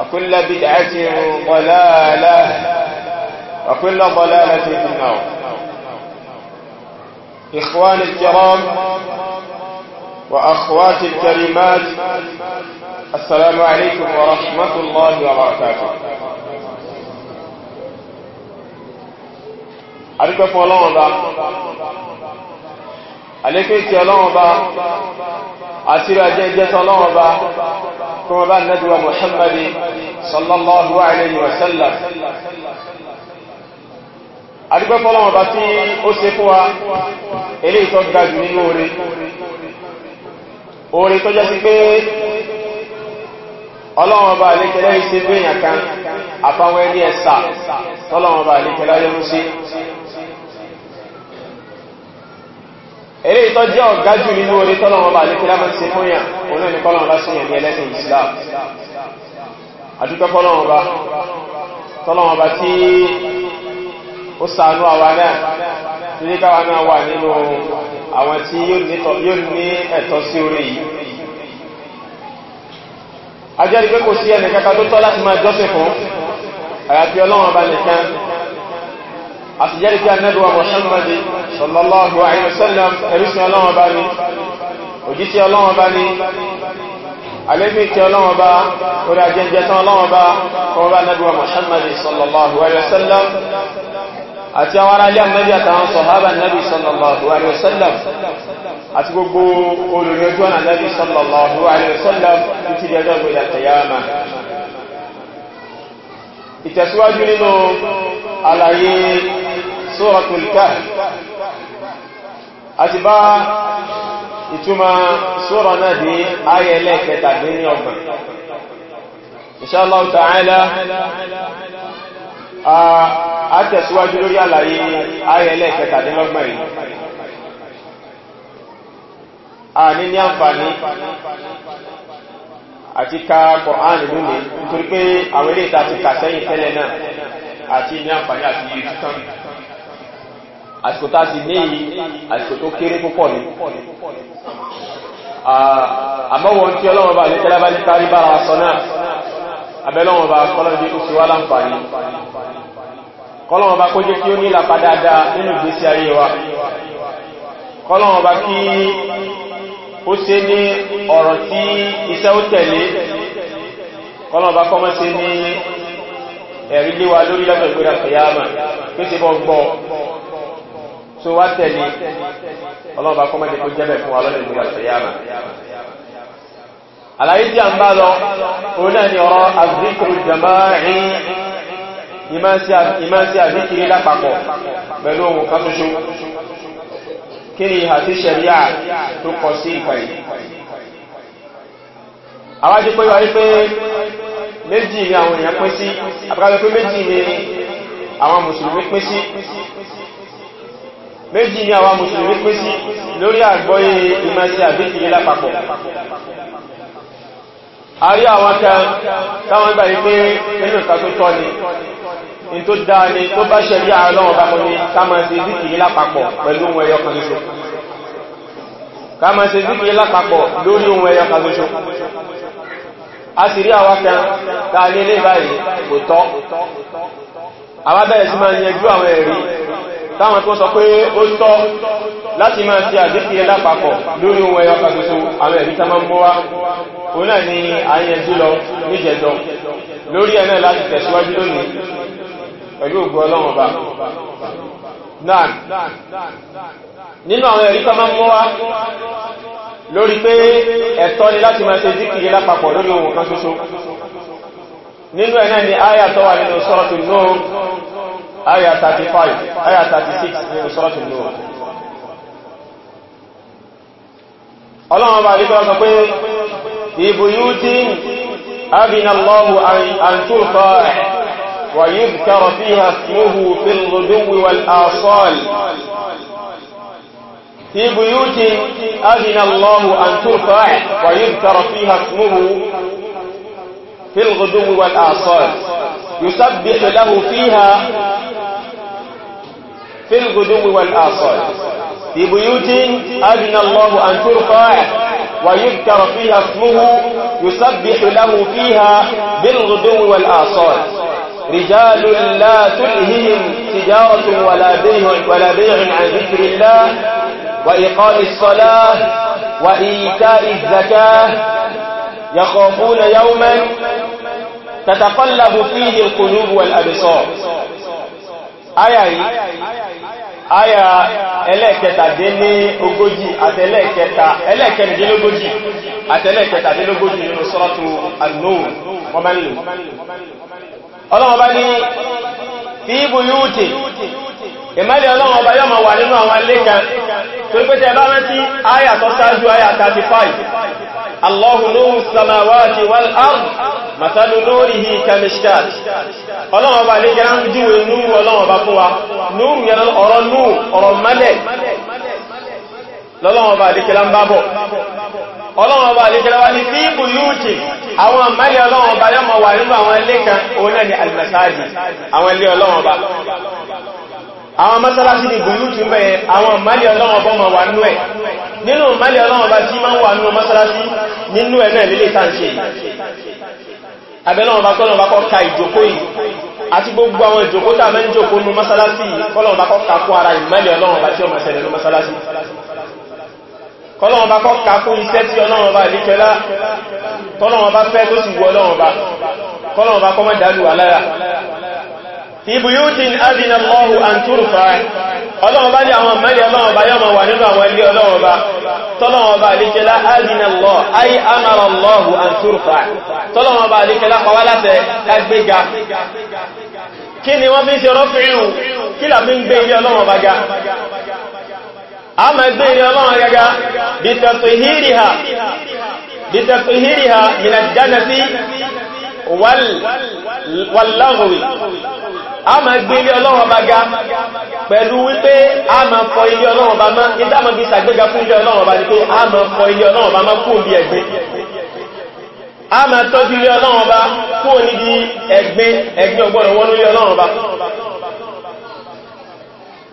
وكل بدعة ضلالة وكل ضلالة في النار إخواني الكرام وأخواتي الكريمات السلام عليكم ورحمة الله وبركاته أن فلان àlékún ìkẹ́ ọlọ́wọ́n bá àṣírí ajé ìjẹta ọlọ́wọ́n bá kí wọ́n bá nẹ́bíwa Muhammadi sallallahu alayhi wa sallam adúgbẹ́fọ́lọ́wọ́n bá tí ó ṣe fún wa ilé ìtọ́ gbájú nínú orí orí tó jẹ́ sí pé ọlọ́wọ́n bá àlékẹ́lẹ́ ìṣẹ́gbẹ̀yàn àfáwọn ẹni ẹ̀sà tọ́lọ́wọ́n bá sí eré ìtọ́ jẹ́ ọ̀gá jù nínú orí tọ́lọ̀wọ́ bá nípínlẹ̀ máa ṣe fún yàn òun náà ni kọ́lọ̀wọ́ bá sí yàn ní ẹlẹ́sìn Islam àdúgbẹ́ tọ́lọ̀wọ́ bá tí ó ṣàánú àwa náà nílé káwa náà wà nínú àwọn tí yóò ní ẹ̀tọ́ sí orí yìí ajẹ́rí pé kò sí ẹnìkẹ́kẹ́ tó tọ́ láti máa jọ́sìn fún àyàfi Ọlọ́run bá nìkan àtijẹ́rì kí anẹ́bí wa Muhammad sallallahu alayhi wa sallam ẹ̀rísìn ọlọ́wọ́ bá ní òjísí ọlọ́wọ́ bá ní alẹ́bí kí ọlọ́wọ́ bá orí ajẹ́jẹ́ tán ọlọ́wọ́ bá ọwọ́ bá anẹ́bí wa Muhammad sallallahu alayhi wa sallam àti سورة الكهف أتباع إتما سورة نادي آية لك تعدين يوما إن شاء الله تعالى أتسواج لوري على آية لك تعدين يوما àní ní àǹfààní àti ka Kùránì lónìí nítorí pé àwọn ilé ìta ti kà sẹ́yìn tẹ́lẹ̀ náà àti ní àǹfààní àti àsìkò tá a sì ní yìí àsìkò tó kéré púpọ̀ ni àmọ́wọ̀n tí ọlọ́wọ́ bá lè tẹ́lá bá ní kárí bára sọ náà abẹ́lọ́wọ́ bá kọ́lọ́dé ó sì wá láǹfààní kọ́lọ́wọ́ bá kó jẹ́ kí ó ní ìlàpá dáadáa nínú ìgbésí ayé wa kọ́lọ́wọ́ bá kí ó ṣe ní ọ̀rọ̀ tí iṣẹ́ ó tẹ̀lé kọ́lọ́wọ́ bá kọ́mọ́ ṣe ní ẹ̀rí léwa lórí lọ́gbẹ̀gbẹ̀rẹ̀ tó wá tẹ̀lé ọlọ́ba kọ́ mẹ́jẹ kó jẹ́bẹ̀ fún alọ́lẹ̀ ìgbà ìyára àlàyé tí a ń bá lọ òun náà ni ọ̀rọ̀ azikru jama'i ìmá sí azikiri lápapọ̀ pẹ̀lú ohun kan tó ṣú kí ni ìhà sí ṣẹ̀ríà tó kọ sí ìkàrí àwájú pé wáyé pé méjì ni àwọn èèyàn pín sí àbúkálẹ́ pé méjì ni àwọn mùsùlùmí pín sí méjì ni àwa mùsùlùmí pín sí lórí àgbọ́yé ìmọ̀sí àbíkìrí lápapọ̀ a rí àwọn kan táwọn gbà wípé nínú ìta tó tọ́ ni in tó dáa ni tó bá ṣe rí àárọ̀ ọba mọ́ ni ká máa ṣe zíkìrí lápapọ̀ pẹ̀lú ohun ẹyọ kan ṣoṣo a sì rí àwọn kan tá a lé lé báyìí kò tọ́ àwa bẹ̀rẹ̀ sí máa yẹjú àwọn ẹ̀rí táwọn tó sọ pé ó tọ́ láti máa ti àdékìrẹ lápapọ̀ lórí ohun ẹyọ kàtòsó àwọn ẹ̀rí tánmà ń bọ́ wá o náà ni àyẹnjú lọ níjẹjọ lórí ẹ̀ náà láti tẹ̀síwájú lónìí pẹ̀lú ògbọ́ ọlọ́run ọba náà nínú àwọn ẹ̀rí tánmà ń bọ́ wá lórí pé ẹ̀tọ́ ni láti máa ṣe díkìrì lápapọ̀ lórí ohun kan ṣoṣo nínú ẹ̀ náà ni áyà tó wà nínú sọ́ọ̀tù Nuh aya 35 aya 36 nínú sọ́rọ̀tún ní wọn ọlọ́wọ́n bá díkọ́ sọ pé ibuyuti abinallahu an tulqa wa yuzkara fiha ismuhu fil ghuduwi wal asal في بيوت أذن الله أن ترفع ويذكر فيها اسمه في الغدو والآصال يسبح له فيها في الغدو والآصال في بيوت أذن الله أن ترفع ويذكر فيها اسمه يسبح له فيها بالغدو والآصال رجال لا تلههم تجارة ولا بيع, ولا بيع عن ذكر الله وإقام الصلاة وإيتاء الزكاة يخافون يوما تتقلب فيه القلوب والأبصار àyà yìí àyà ẹlẹ́ẹ̀kẹtàdínní ogójì àtẹ́lẹ́ẹ̀kẹta ẹlẹ́ẹ̀kẹrìndínlógójì àtẹ́lẹ́ẹ̀kẹtàdínlógójì nínú sọ́rọ̀tù An-Nur wọ́n mẹ́lú ọlọ́wọ́ bá ní fi ibu yóò tè ìmẹ́lẹ̀ ọlọ́run ọba yọ́ ma wà nínú àwọn ilé kan tó pẹ́tẹ́ bá rántí àyà tó sáájú àyà 35 Allahu nuru samawati wal ard masalu nurihi kamishkat ọlọ́run ọba ilé kan júwe nuru ọlọ́run ọba fún wa nuru yẹn ọ̀rọ̀ nuru ọ̀rọ̀ mẹ́lẹ̀ lọ́lọ́wọ́ bá àdíkẹ́lá ń bábọ̀. ọlọ́wọ́ bá àdíkẹ́lá wá ní fi ìbù yúùtì àwọn àmàlẹ̀ ọlọ́wọ́ bá yọ́mọ̀ wà nínú àwọn ilé kan òun náà ni alìmọ̀sáàjì àwọn ilé ọlọ́wọ́ bá àwọn mọ́sálásí ni bùyútù ń bẹ̀yẹ àwọn ìmálẹ̀ ọlọ́wọ́ bọ́ ma wà nú ẹ̀ nínú ìmálẹ̀ ọlọ́wọ́ bá tí máa ń wà nú mọ́sálásí nínú ẹ̀ náà lílé sáàṣẹ́ àbẹ́lọ́wọ́ bá kọ́lọ̀wọ́ bá kọ́ ka ìjókòó yìí àti gbogbo àwọn ìjókòó tàbẹ́ ń jókòó nú mọ́sálásí kọ́lọ̀wọ́ bá kọ́ kọlọ́wọ́n bá kọ́ ká fún iṣẹ́ tí ọlọ́wọ́n bá lè kẹlá tọ́lọ́wọ́n bá fẹ́ tó sì wọ ọlọ́wọ́n bá kọlọ́wọ́n bá kọ́ mọ́ dálù wà lára ibuyutin adina allahu an turfa ọlọ́wọ́n bá ní àwọn mẹ́rin ọlọ́wọ́n bá yọ́mọ̀ wà nínú àwọn ilé ọlọ́wọ́n bá tọ́lọ́wọ́n bá lè kẹlá adina allah ay amara allahu an turfa tọ́lọ́wọ́n bá lè kẹlá pàwá láti kágbéga kí ni wọ́n fi ń ṣe rọ́fìrìn kí làbí ń gbé ilé ọlọ́wọ́n bá ga a ma gbé ilé ọlọ́run gaga bí tàfihìrìhà minadjanati wàláhùwì a ma gbé ilé ọlọ́run ọba ga pẹ̀lú wípé a ma fọ ilé ọlọ́run ọba má ní dáma bí sàgbéga fún ilé ọlọ́run ọba ní pé a ma fọ ilé ọlọ́run ọba má kú òbí ẹ̀gbẹ́ a ma tọ́jú ilé ọlọ́run ọba kú òní di ẹ̀gbẹ́ ẹ̀gbẹ́ ọgbọ́nà wọnú ilé ọlọ́run ọba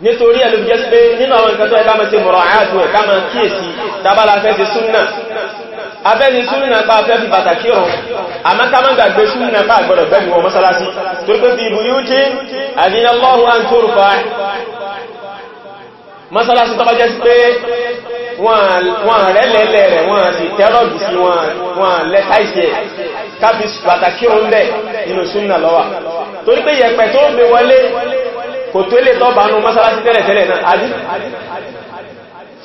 nítorí ẹ̀lú jẹ́ pé nínú àwọn nǹkan tó ẹ̀ká mẹ́ sí mọ̀rọ̀ àyàtò ẹ̀ká mẹ́ kíyèsí tàbálà fẹ́ sí súnnà abẹ́ni súnnà pa fẹ́ fi bàtà kí ọ̀rọ̀ àmẹ́kámẹ́ gbàgbé súnnà pa àgbọ̀dọ̀ bẹ́ẹ̀ wọ mọ́sálásí torípé fi ìbú yóò jẹ́ àdínyànlọ́hù à ń tóru fa mọ́sálásí tọ́bá jẹ́ pé wọ́n kò tó lè tọ́ bánú mọ́sálásí tẹ́lẹ̀ tẹ́lẹ̀ náà àbí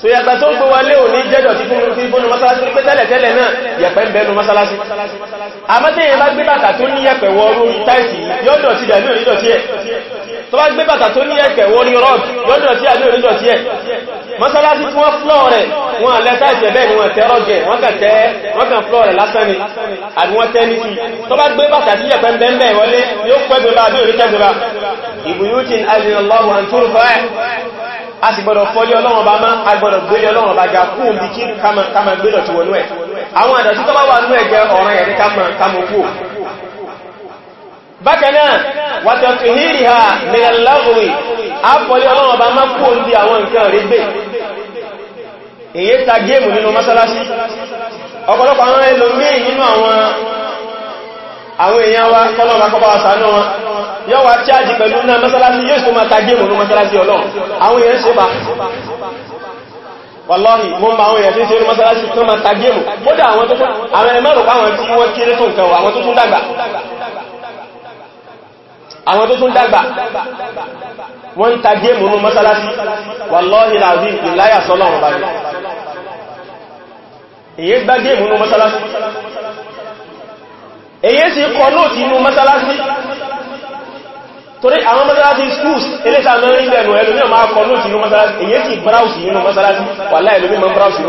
so yàtà tó gbé wa lé ò ní jẹ́jọ̀ tí fún mọ́sálásí pé tẹ́lẹ̀ tẹ́lẹ̀ náà yẹ̀pẹ̀ ń bẹnu mọ́sálásí àmọ́tẹ́yẹ bá gbé bàtà tó ní yẹ̀pẹ̀ wọ orú táìsì yọ́dọ̀ tí dàbí onídọ̀ tí ẹ̀ tó bá gbé bàtà tó ní yẹ̀pẹ̀ mọ́sálásí tí wọ́n flọ́ rẹ̀ wọ́n lẹ́sà ìjẹ̀bẹ́ ni wọ́n tẹ́rọ jẹ wọ́n kàn tẹ́ wọ́n kàn flọ́ rẹ̀ lásán ni àti wọ́n tẹ́ nítí tó bá gbé bàtà sí ẹ̀pẹ́ bẹ́ẹ̀ wọlé yóò pẹ́gbẹ̀bá bí orí kẹgbẹ̀bá ìbùyútin azinallahu an turfa a sì gbọ́dọ̀ fọ́lé ọlọ́wọ́n bá máa agbọ́dọ̀ gbélé ọlọ́wọ́n bá ga kú òmìnkí kama gbélọ̀ ti wọnú ẹ̀ àwọn àdàtí tó bá wà nú ẹ̀gẹ́ ọ̀rọ̀ ẹ̀rí kama kú bákanáà wàtàtù hìrì ha mẹ́lẹ́lọ́gbòrì àpọ̀lẹ́ ọlọ́run ọba má kú ní àwọn nǹkan rí gbé èyí ta géèmù nínú mọ́sálásí ọ̀pọ̀lọpọ̀ àwọn ẹlòmíì nínú àwọn àwọn èèyàn wa kọlọ́wà kọba àsánú wọn yóò wá chájì pẹ̀lú náà mọ́sálásí yóò sì máa ta géèmù ní mọ́sálásí ọlọ́run àwọn èèyàn ṣe bá wàláhì wọ́n ma àwọn èèyàn tí ń ṣe àwọn tó tún dàgbà wọ́n ń ta géèmù ní mọ́sálásí wallahi láàrín ìláyà sọ́lọ́run báyìí èyí gbá géèmù ní mọ́sálásí èyí sì kọ nóòtì ní mọ́sálásí torí àwọn mọ́sálásí schools eléta mẹ́rin lẹ́nu ẹlòmí ọmọ akọ nóòtì ní mọ́sálásí èyí sì browse ní mọ́sálásí wallahi ẹlòmí mọ́ browse ní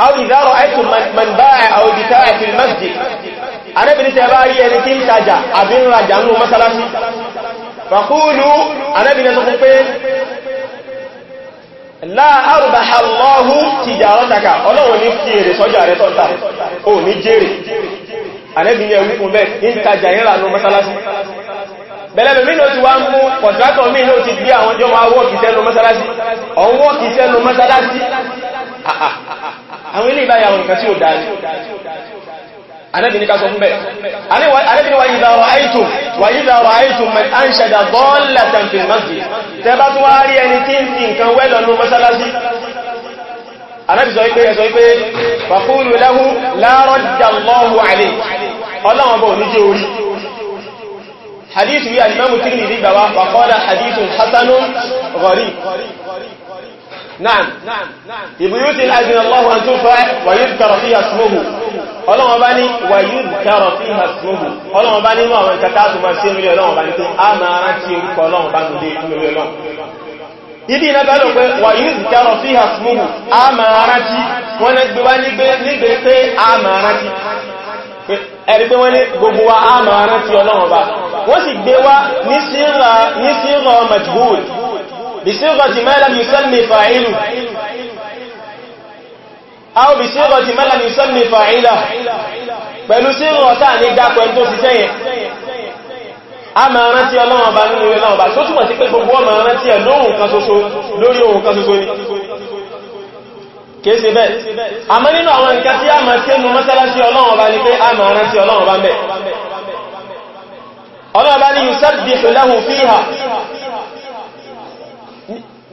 أو إذا رأيتم من باع أو بتاع في المسجد أنا بنت أباري Abin la تجا أبن رجعه مثلا فقولوا أنا بنت أخبين لا أربح الله تجارتك ọlọ́run ní fi èrè sọ́jà rẹ̀ tọ́ta ò ní jèrè àlẹ́bìnrin ẹ̀wí fún bẹ́ẹ̀ ní tajà ìrìnlá ní mọ́sálásí bẹ̀lẹ̀bẹ̀ mí náà ti wá ń mú kọ̀tíwátọ̀ mí náà ti gbé àwọn jọ máa wọ́kì sẹ́nu mọ́sálásí àwọn ilé ìbáyà àwọn nǹkan tí ó dájú anẹ́bìnika sọ fún bẹ́ anẹ́bìnika ìdá wa àìtò wà ìdá wa àìtò àìṣẹ̀dà bọ́ọ̀lá tàbí mọ́sí tẹ bá tún wá rí ẹni tí ń fi nǹkan wẹ́lọ ní mọ́sálásí anẹ́bì sọ ipé ẹ̀sọ ipé fàkúrù lẹ́hú láàrọ̀ حديث يا الإمام الترمذي بوا وقال حديث حسن غريب náà ìbúyútí láàrin ọlọ́wọ́ tó fẹ́ wàyúd kàrọ̀ fi hasmohu ọlọ́wọ́ bá ní wàyúd kàrọ̀ fi hasmohu ọlọ́wọ́ bá nínú àwọn ìkàtà tó máa ṣe mílẹ̀ ọlọ́wọ́ bá ní tó a máa rántí orúkọ ọlọ́wọ́ bá nílé mílẹ̀ ọlọ́wọ́ ibi iná bẹ́lọ̀ pé wàyúd kàrọ̀ fi hasmohu a máa rántí wọ́n ní gbé wá nígbé pé a máa rántí ẹ̀rí pé wọ́n ní gbogbo wa a máa rántí ọlọ́wọ́ bá wọ́n sì gbé wá ní sírọ̀ majhul بصيغة ما لم يسمي فاعله أو بصيغة ما لم يسمي فاعله pẹ̀lú sí rọ̀tà ní dápọ̀ ẹni tó sì sẹ́yẹn a máa rántí ọlọ́wọ̀n bá nínú ilẹ̀ ọba tó túnmọ̀ sí pé gbogbo ọmọ rántí ẹ̀ lóhun kan ṣoṣo lórí ohun kan ṣoṣo ni kìí ṣe bẹ́ẹ̀ àmọ́ nínú àwọn nǹkan tí a máa ṣe mú mọ́sálásí ọlọ́wọ̀n bá ní pé a máa rántí ọlọ́wọ̀n bá ń bẹ̀ ọlọ́wọ̀n bá ní yusabbihu lahu fiha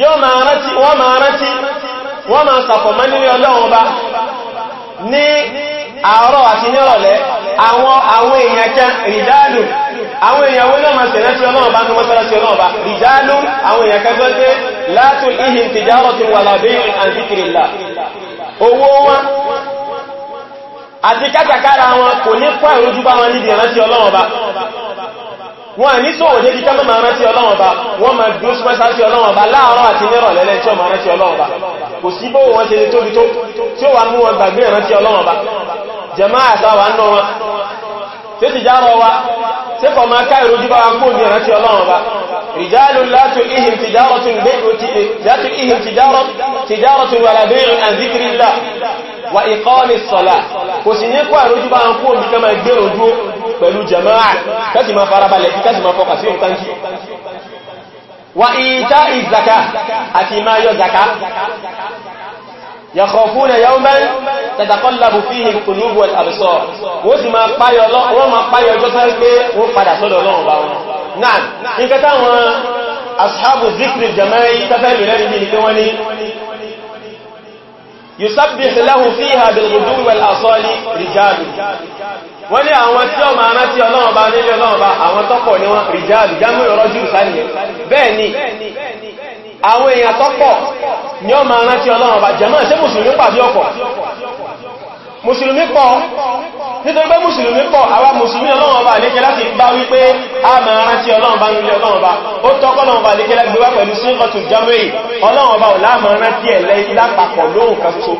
yóò máa rántí wọ́n máa rántí wọ́n máa sàfọ̀mọ́ nílé ọlọ́run ọba ní àárọ̀ àti nírọ̀lẹ́ àwọn àwọn èèyàn kẹ rìjálù àwọn èèyàn wọ́n náà máa tẹ̀lé sí ọlọ́run ọba ní àwọn èèyàn kẹgbẹ́ pé látùl ihim an owó wọ́n ní sọ́wọ́ débi kánà máa rántí ọlọ́wọ̀n bá wọ́n máa dúró súnmọ́sá sí ọlọ́wọ̀n bá láàárọ̀ àti nírọ̀ lẹ́lẹ́ tí ó máa rántí ọlọ́wọ̀n bá kò sí bó wọ́n ṣe lè tóbi tó tí ó wà mú wọn gbàgbé rántí ọlọ́wọ̀n wa tí kọ máa ká ìrójú bá wọn kóòdì rántí ọlọ́wọ̀n bá رجال لا تلئهم pẹ̀lú jama'a kẹ́sì ma farabalẹ̀ kẹ́sì ma fọkà sí òkútánkì wa ìta ìzaka àti ma yọ zaka yàkọ̀fúnà yawman tàtàkọ́lábù fi hì kùnúbù àbùsọ̀ wọ́n sì máa páyọ ọjọ́ sáré pé wọ́n padà sọ́dọ̀ lọ́wọ́ bá wọn wọ́n ní àwọn tí ọmọ arántí ọlọ́run bá nílé ọlọ́run bá àwọn tọ́pọ̀ ní wọ́n rìjáàlù jámù ìrọ́jú ìsáníyàn bẹ́ẹ̀ ni àwọn èèyàn tọ́pọ̀ ní ọmọ arántí ọlọ́run bá jẹ́mọ́ ṣe mùsùlùmí pàdé ọ̀pọ̀ mùsùlùmí pọ̀ nítorí pé mùsùlùmí pọ̀ àwa mùsùlùmí ọlọ́run bá lékẹ́ láti bá wípé a máa rántí ọlọ́run bá nílé ọlọ́run bá ó tọ́kọ́ ọlọ́run bá lékẹ́ lágbé wá pẹ̀lú sínkọ̀tù jamii ọlọ́run bá ò láàmà rántí ẹ̀lẹ́ lápapọ̀ lóhùn kan tó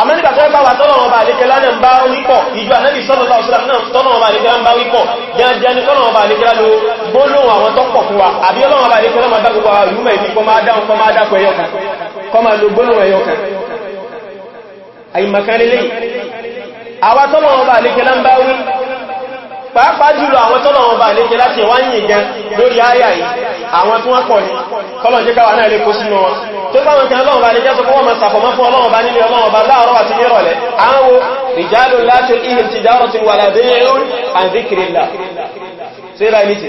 àmọ́ nígbà tó bá wà tọ́lọ́run bá lékẹ́ lánà ń bá wípọ̀ ìjọ ànábì sọ́lọ́lá òṣìlá náà tọ́lọ́run bá lékẹ́ lá ń bá wípọ̀ jẹ́ ní tọ́lọ́run bá lékẹ́ ló gbólóhùn àwọn tọ́pọ̀ fún wa àbí ọlọ́run bá lékẹ́ lọ́mọ bá gbogbo àwọn ìlú mẹ́rin kọ́ máa dáhùn kọ́ máa dákọ̀ ẹyọkan kọ́ máa lo gbólóhùn ẹyọkan àìmọ̀kánlélé àwa tọ́lọ̀wọ̀n bá lékẹ́ lámbá wí pàápàá jùlọ àwọn tọ́lọ̀wọ̀n bá lékẹ́ láti wá yìí gan lórí ayà yìí àwọn tí wọ́n pọ̀ ní kọ́lọ̀ jẹ́ káwà náà lè kó sínú wọn tó bá wọn kan lọ́wọ́ bá lékẹ́ sọ fún wọn ma sàfọ̀mọ́ fún ọlọ́wọ́ bá nílé ọlọ́wọ́ bá láàárọ̀ àti nírọ̀lẹ́ àwọn wo rijalun la tulhihim tijaratun wa la bay'un an dhikrillah síra ní ti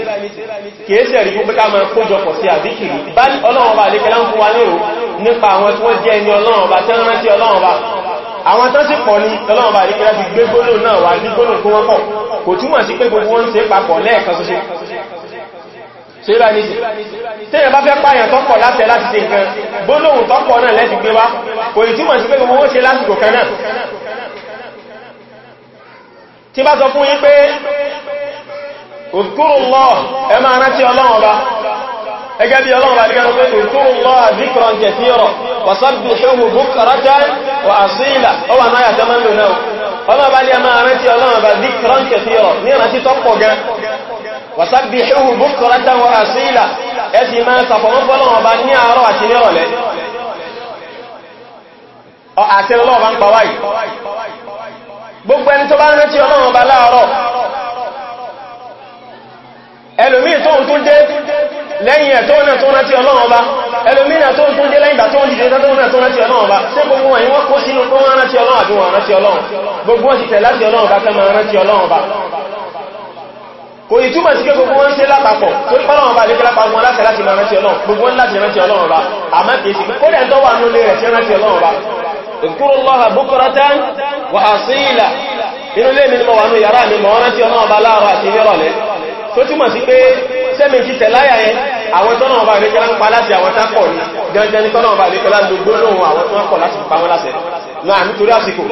kìí sí ẹ̀rí púpẹ́ ká bá ọlọ́wọ́ bá ń fún wa lérò nípa àwọn tí wọ́n jẹ́ ẹni ọlọ́wọ́ bá tẹ́rántí ọlọ́wọ́ bá àwọn tán sì pọ̀ ní lọ́lọ́wọ́ bá ìrìnkẹ́lá ti gbé gbónú náà wà ní gbónú kó wọ́pọ̀ kò túmọ̀ sí pé gbogbo wọ́n ń ṣe papọ̀ lẹ́ẹ̀kan ṣoṣo tẹ́yẹ̀ bá fẹ́ pààyàn tọ́pọ̀ láti láti ṣe nǹkan gbónúhùn tọ́pọ̀ náà lẹ́ti gbé wá kò ì túmọ̀ sí pé gbogbo wọ́n ṣe lásìkò kan náà tí bá sọ fún yín pé òkúrùn lọ ẹ máa rántí Ọlọ́run ọba gẹ́gẹ́ bí ọlọ́run àti gẹ́rọ pé ìkúrù lọ́wà zíkran kẹfíọ̀rọ̀ wàsábì ṣóhù búkọ̀rọ̀tà wà àṣílà ó wà náà yàtọ̀ mẹ́lú náà ọlọ́run bá ní ẹmà rántí ọlọ́run bá zíkran kẹfíọ̀rọ̀ ní ìrántí tó gbogbo ẹni tó bá rántí ọlọ́run bá láàárọ̀ ẹlòmíì tóhun tún dé lẹ́yìn ẹ̀ tó ọ̀nà tó rántí ọlọ́run ọba ẹlòmínà tó ń tún dé lẹ́yìn tó ń dìde tó ọ̀nà tó rántí ọlọ́run ọba ṣe gbogbo wọn wọ́n kó sínú tó wọ́n rántí ọlọ́run àbí wọ́n rántí ọlọ́run gbogbo wọn sì tẹ̀ láti ọlọ́run ọba kẹ́ máa rántí ọlọ́run ọba kò yí túmọ̀ sí pé gbogbo wọn ṣe lápapọ̀ tó ń pọ́lọ́wọ́n bá lékẹ́ lápapọ̀ wọn láti láti máa rántí ọlọ́run gbogbo wọn láti rántí ọlọ́run ọba àmọ́ wa asila inú lé mi wà ní yàrá mi rántí ọlọ́run ọba àti nírọ̀lẹ́ tó túmọ̀ sí pé sẹ́mi ti tẹ̀láyà ẹ àwọn tọ́nà ọba àríkẹ́lá ń pa láti àwọn tápọ̀ ní gẹ́gẹ́ ní tọ́nà ọba àríkẹ́lá gbogbo lóhun àwọn tó wọ́n kọ̀ láti pa wọ́n láṣẹ náà nítorí àsìkò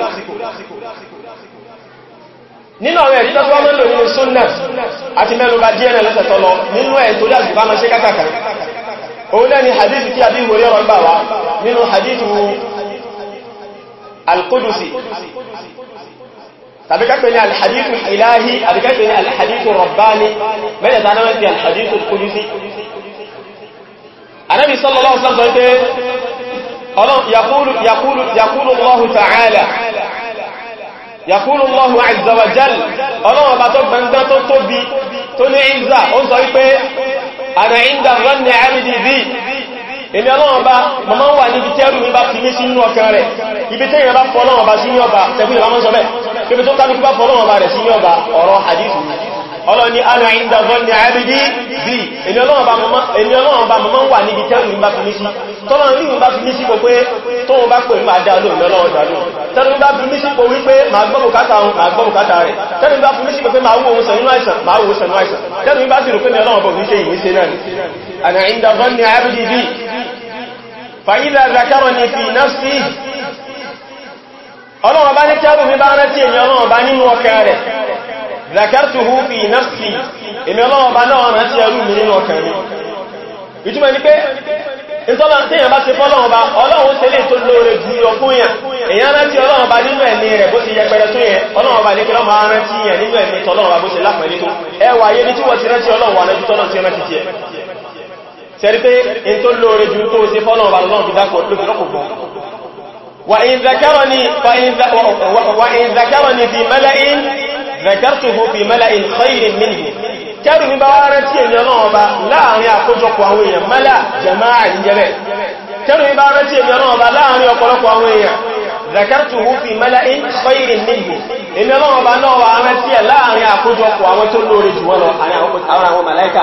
nínú àwọn ẹ̀rí tọ́tọ́ mẹ́lò nínú súnnà àti mẹ́lúba díẹ̀ lẹ́sẹ̀ tọ́lọ nínú ẹ̀ torí àsìkò bá mọ́ sí kákàkà òun náà ni hadithu tí àbí ìwòrí ọ̀rọ̀ gbà wá nínú hadithu al-Qudusi tàbí kápẹ́ ní alhadithu ilahi àti kápẹ́ ní alhadithu rabbani mẹ́jẹta náà ti alhadithu kudusi anábi sallallahu alaihi wasallam pé ọlọ́n yakúlù yakúlù yakúlù allahu ta'ala yakúlù allahu azza wa jal ọlọ́n ọba tó gbangba tó tóbi tó ní ìzà èmi ọlọ́run bá mọ́mọ́ wà níbi tẹ́rù mi bá fi ní sínú ọkàn rẹ̀ ibi tẹ́yìn bá fọ́ ọlọ́run bá sí ní ọba tẹ́kùn ìbámọ́ sọ bẹ́ẹ̀ ibi tó tàbí bá fọ́ ọlọ́run bá rẹ̀ sí ní ọba ọ̀rọ̀ hadithu ọlọ́run ni ana inda zonni abidi bi èmi ọlọ́run bá mọ́mọ́ wà níbi tẹ́rù mi bá fi ní sí tọ́lọ́run ní ìwọ̀n bá fi ní sí pé tóun bá pè ní àdá lóòrùn ọlọ́run dàlú tẹ́lú bá fi ní ma gbọ́bùkátà ma gbọ́bùkátà rẹ̀ tẹ́lú bá fi ma wó ohun sẹ̀nú ma wó sẹ̀nú àìsàn tẹ́lú bá sì rò pé ní ọlọ́run bọ̀ ní أنا عند ظن عبدي بي فإذا ذكرني في نفسي ọlọ́wọ́ bá ní tẹ́rù mi bá fi nafsi èmì ọlọ́wọ́ bá náà ìtọ́lá tíyàn bá ti fọ́lọ́wọ́ bá ọlọ́wọ́ ṣe lè tó lóore jù lọ fún yàn èyàn rántí ọlọ́wọ́ bá nínú ẹ̀mí rẹ̀ bó ti tó bá rántí nínú ẹ̀mí bá bó lápẹ̀lẹ́ tó ẹwà ayé ní sẹ́rí pé in tó lóore jù tó sí fọ́nà ọba lọ́nà fi dákọ̀ ló fi rọ́pùpọ̀ wà in zakarọ̀ ni fi mẹ́lẹ́in zakartuhu fi in. khairin minhu kẹrù ní bá wá rẹ̀ tí èèyàn náà bá láàrin àkójọpọ̀ àwọn èèyàn mẹ́lá jẹmáà ìjẹrẹ kẹrù ní bá rẹ̀ tí èèyàn náà bá láàrin ọ̀pọ̀lọpọ̀ àwọn èèyàn zakartuhu fi mẹ́lẹ́in khairin minhu èèyàn náà bá náà wà rẹ̀ tí ẹ̀ láàrin àkójọpọ̀ àwọn tó lóore jù wọ́n lọ àwọn àwọn mẹ́lẹ́kà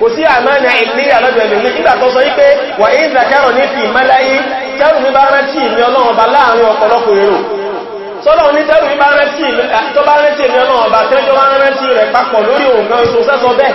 kò sí àmánà ìpínlẹ̀ lọ́dọ̀ ẹ̀mí nígbà tó sọ wípé wà ní ìzàkárọ̀ ní fi ìmọ́láyé tẹ́rù mi bá rántí ìmì ọlọ́run bá láàrin ọ̀pọ̀lọpọ̀ èrò sọ́lọ̀ ní tẹ́rù mi bá rántí ìmì ọlọ́run bá tẹ́jọ́ rántí rẹ̀ papọ̀ lórí òǹkan oṣù bẹ́ẹ̀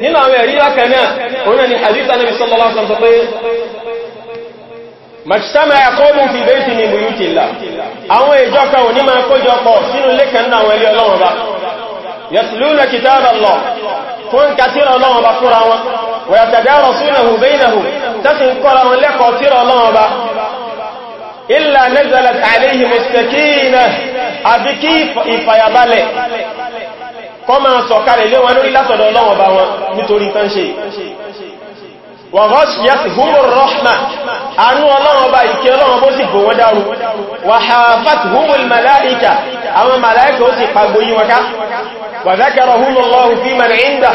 nínú àwọn ẹ̀rí bákan náà òun náà ni hadith anabi sallallahu alaihi wasallam sọ pé màṣíṣàmà ẹ̀kọ́mù fi bẹ́ẹ̀tì ní buyutillah àwọn ìjọ kan ò ní máa kójọ pọ̀ sínú lẹ́kàn náà àwọn ẹlẹ́ ọlọ́run bá yasluna kitaballah fún kàtírà ọlọ́run bá fúnra wọn wa yatadarasunahu illa nazalat alayhimus sakinah àbíkí ìfàyàbálẹ̀ kọ́ máa sọ̀kalẹ̀ lé wọn lórí látọ̀dọ̀ ọlọ́wọ̀n bá wọn nítorí tán ṣe wọ̀gọ́sì yásì húnmọ̀ rọ́hmà anú ọlọ́wọ̀n bá ìkẹ́ ọlọ́wọ̀n bó sì bò wọ́n dáru wàhàfàtì húnmọ̀ màláìkà àwọn màláìkà ó sì pàgbó yí wọn ká wàzákẹ́rọ̀ húnmọ̀ lọ́hùn fí mẹ́rin ìndà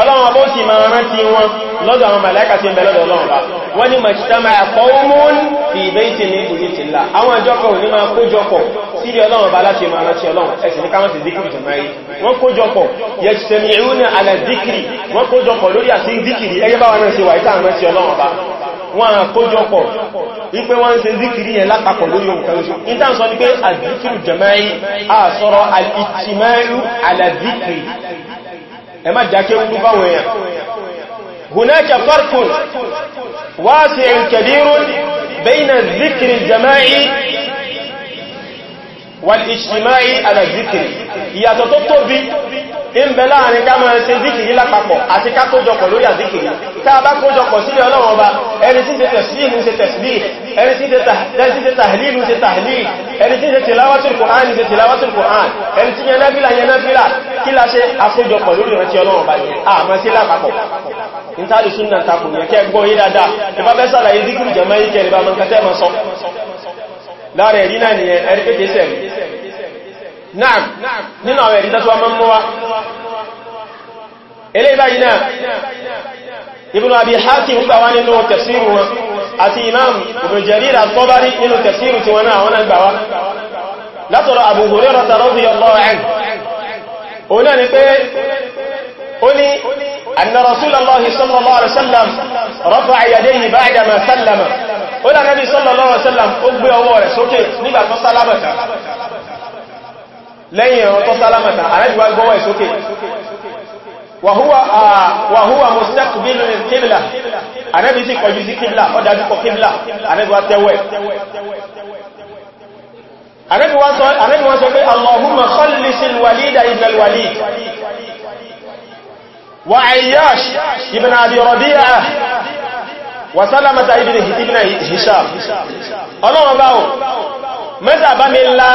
ọlọ́wọ̀n bó sì máa rántí wọn lọ́dọ̀ àwọn màláìkà tí ń bẹ lọ́dọ̀ ọlọ́wọ̀n bá wọ́n ni màṣítàmà ẹ̀kọ́ mún fi ìbẹ́ ìtìní ìbùnítìlá àwọn ìjọkọ̀ ní máa kójọpọ̀ sílé ọlọ́run bá láti ma rántí ọlọ́run ẹ̀sìn ní káwọn sí díkìrì tó mẹ́rí wọ́n kójọpọ̀ yẹ̀sẹ̀mìírúnà alẹ́díkìrì wọ́n kójọpọ̀ lórí àti díkìrì ẹgbẹ́ bá wọn náà ṣe wà ìta rántí ọlọ́run bá wọ́n àkójọpọ̀ wípé wọ́n ń ṣe díkìrì yẹn lápapọ̀ lórí ohun kan oṣù ìta هناك فرق واسع كبير بين الذكر الجماعي wàlìṣìmáì alàzíkìrì ìyàtọ̀ tó tóbi ń bẹ láàrin ká máa ṣe zíkìrì lápapọ̀ àti ká kójọpọ̀ lórí àzíkìrì tá a bá kójọpọ̀ sílẹ̀ ọlọ́run ọba ẹni tí ṣe tẹ̀sílìlù ṣe tẹ̀sílì ẹni tí ṣe tàhìlìlù ṣe tàhìlì ẹni tí ṣe tìláwátìl kùránì ṣe tìláwátìl kùránì ẹni tí yẹn náfílà yẹn náfílà kí la ṣe àkójọpọ̀ lórí ìrántí ọlọ́run ọba yẹn àmọ́ sí lápapọ̀ nítàlùsùn náà takùn yẹn kẹ́ gbọ́ yí dáadáa ìbábẹ́sàlàyé zíkìrì jẹ́mọ́ yí kẹ́ ìbámọ́ kẹtẹ́ mọ́ sọ lára ẹ̀rí náà ni ẹ̀rí kéèkéé sẹ̀rí náà nínú àwọn ẹ̀rí tàbí ọmọ mọ́wá ilé ìbáyìí náà Ibn Abi Hatim ń gbà wá nínú tafsiru wọn àti Imam Ibn Jarir al-Tabari nínú tafsiru ti wọn náà wọn náà gbà wá látọ̀rọ̀ Abu Hurairah radiyallahu anhu òun náà ni ó lánàbí sallallahu alaihi wasallam ó gbé ọwọ́ rẹ̀ sókè nígbà tó sálámàtà lẹ́yìn ẹ̀rọ tó sálámàtà àrẹ́bíwá gbọ́wọ́ ìsókè wàhúwà mustaqbilu kíbìlà àrẹ́bí ti kọjú sí kíbìlà ó dájú kọ kíbìlà àrẹ́bíwá tẹ́wẹ́ àrẹ́bíwá sọ pé wa ayyash ibn abi rabi'ah wàsálàmàtà ibn Hisham ọlọ́wọ́n bá o mẹ́ta bá mi lá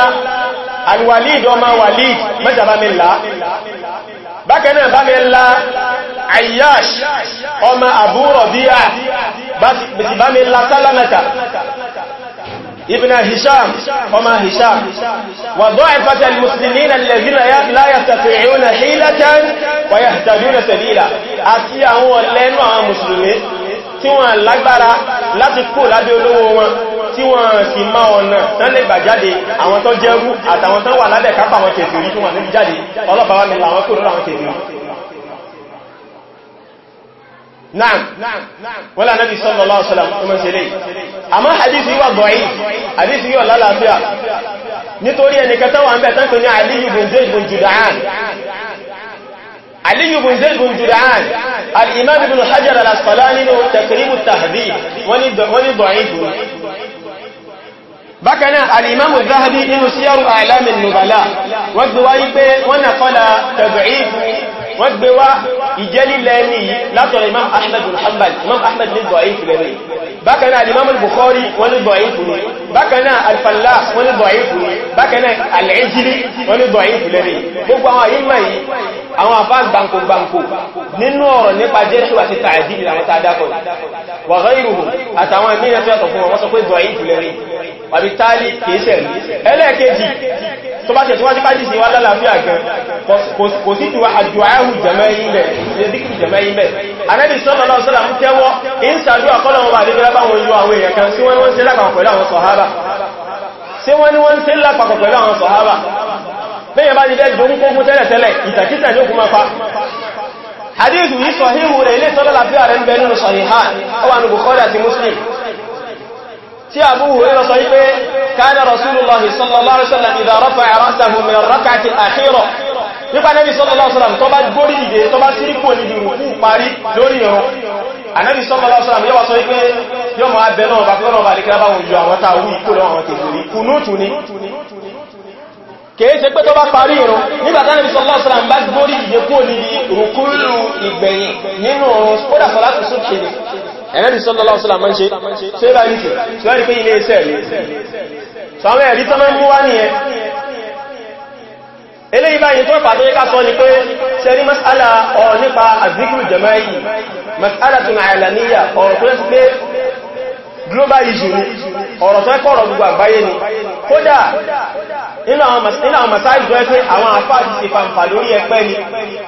alwalid ọmọ walid mẹ́ta bá mi lá bákanáà bá mi lá ayyash ọmọ Abu Rabi'a bá mi lá sálàmàtà ابن هشام وما هشام وضعفة المسلمين الذين لا يستطيعون حيلة ويهتدون سبيلا أسيا هو اللين وهو مسلمين tí wọ́n lágbára láti kó lábẹ́ olówó wọn tí wọ́n sì má ọ̀nà tán lè gbà jáde àwọn tó jẹ́rú àtàwọn tán wà lábẹ́ kápá wọn kèfèrí tí wọ́n níbi jáde ọlọ́pàá mi làwọn kò lọ́rọ̀ àwọn kèfèrí Naam, wọ́la nábi sallallahu علي بن زيد بن جدعان الإمام ابن حجر الأسقلاني تقريب التهذيب ولي ضعيف بكنا الإمام الذهبي إنه سير أعلام النبلاء والدوائب ونقل تضعيف والدواء يجلي لاني لا ترى الإمام أحمد بن حنبل الإمام أحمد للضعيف لاني bákan náà alimamul bukhari wọ́n ní dọ̀ífù ní bákan náà alfàlá wọ́n ní dọ̀ífù ní bákan náà alẹ́jìlì wọ́n ní dọ̀ífù lẹ́rí gbogbo àwọn àyíma yìí àwọn àfá gbàǹkò gbàǹkò nínú ọ̀rọ̀ nípa jẹ́sù àti tààdìlì àwọn tàdákọ̀ wa ghayruhum àtàwọn ìmìnà tó yàtọ̀ fún wọn sọ pé dọ̀ífù lẹ́rí wàbí táàlì kèéṣẹ̀ rí ẹlẹ́ẹ̀kejì tó bá tẹ̀síwájú bá dìsí wá lálàáfíà gan kò sí ìwà àjòáhù jẹ̀mẹ́ ilẹ̀ fẹ́ bá wọn yọ àwọn èèyàn kan sí wọ́n wọ́n ṣe lápapọ̀ pẹ̀lú àwọn sọ̀hábà sí wọ́n ni wọ́n ṣe rẹ̀ ilé tọ́lá láfíà Bukhari àti Muslim tí Abu Hurairah sọ wípé kana Rasulullah sallallahu alaihi wasallam idha rafa'a ra'sahu min ar-rak'ati al nípa nẹ́bí sọ́lọ́lọ́sọ́lọ́m tó bá gbórí ìdè tó bá sírípò níbi rùkú parí lórí ẹ̀rọ ànẹ́bí sọ́lọ́lọ́sọ́lọ́m yọ́ sọ wípé yọ́ mọ̀ abẹ́ náà bá kọ́nà bá lékẹ́ báwọn yọ àwọn táwú ìkó lọ́wọ́ kèfèrí kùnútù ni kèé ṣe pé tó bá ní ṣe ṣe wá ní pé ilé iṣẹ́ rẹ̀ sọ́wọ́ ẹ̀rí tọ́mọ́ mú wá nìyẹn ilé ìbáyìí tó fà tó yẹ ká sọ ní pé ṣẹ́rí mas'ala ọ̀rọ̀ nípa àzíkùrù jama'i mas'ala tún àìlàníyà ọ̀rọ̀ tó yẹ́ pé global issue ni ọ̀rọ̀ tó ẹ́kọ̀ọ̀rọ̀ gbogbo àgbáyé ni kódà nínú àwọn masáìlì tó ẹ́ ni tó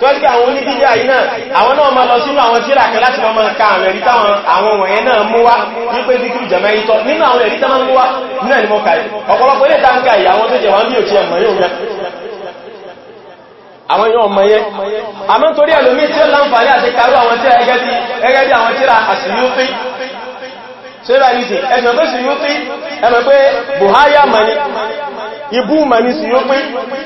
ẹ́ pé àwọn onídíjà yìí náà àwọn náà ma lọ sínú àwọn tíra kan láti máa ka àwọn ẹ̀rí táwọn àwọn wọ̀nyẹn náà mú wá wípé zikiru jẹ̀mẹ́ ìtọ́ nínú àwọn ẹ̀rí táwọn mú àwọn èèyàn ọmọ yẹn àmọ́ torí ẹlòmí tí ó láǹfààní àti karú àwọn tí ẹgẹ́ bí àwọn tíra àṣìyúfí ṣe bá ní sí ẹ̀sùn pé ṣìyúfí ẹmọ̀ pé buhaya mani ibu mani ṣìyúfí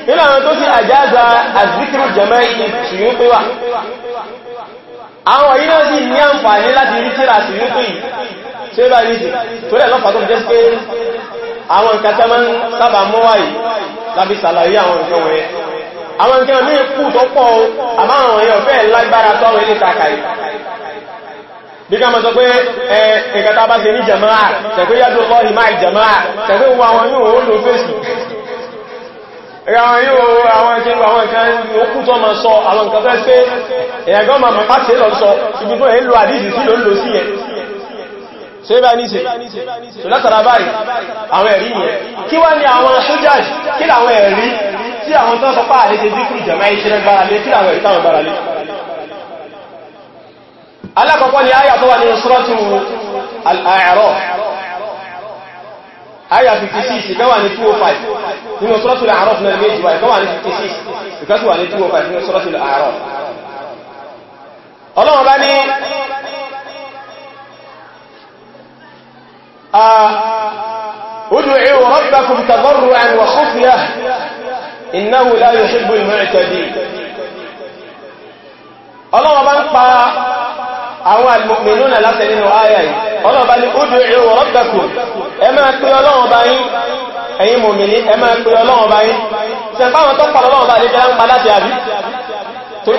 nínú àwọn tó sì àjáza àzíkírù jẹ́mẹ́ ṣìyúfí wà àwọn yìí náà sì ní àǹfààní láti rí tíra ṣìyúfí ṣe bá ní sí àwọn nǹkan mí kú tó pọ̀ àmáhàn èèyàn fẹ́ lágbára tọ́rọ ilé takai bí ká mọ́ sọ pé ẹ ìkàtà bá ṣe ní jama'a tẹ̀kọ́ yàtọ̀ lọ́hì máa jama'a tẹ̀kọ́ wọ àwọn yóò ó lò fèsì àwọn yóò àwọn ìṣẹ́lú àwọn ìkan òkú tó ma sọ àwọn nǹkan fẹ́ pé ẹ̀yàgọ́ ma mọ̀ pàtẹ́ lọ sọ báyìí àwọn ẹ̀rí yẹn kí wá ní àwọn sójáàjì kí làwọn ẹ̀rí tí àwọn tán sọpá àlé ṣe díkùrù jẹ̀má ìṣẹ́rẹ́ gbára lé kí àwọn ìtàwọn gbára lé alákọ̀ọ́kọ́ ni àyà tó wà nínú Suratu Al-A'raf àyà 56 ìkẹwà ní 205 nínú Suratu 56 ìkẹtù ní 205 nínú Suratu Al-A'raf oh ọlọ́wọ́ bá ادعوا ربكم تضرعا وخفيه innahu la yuhibbul mu'tadin ọlọ́wọ́ bá ń pa àwọn almu'minuna nínú ayà yìí ọlọ́wọ́ bá ní ud'u rabbakum ẹ máa pè ọlọ́wọ́ bá yín ẹ̀yin ẹ máa pè ọlọ́wọ́ bá yín tó pàlọ́wọ́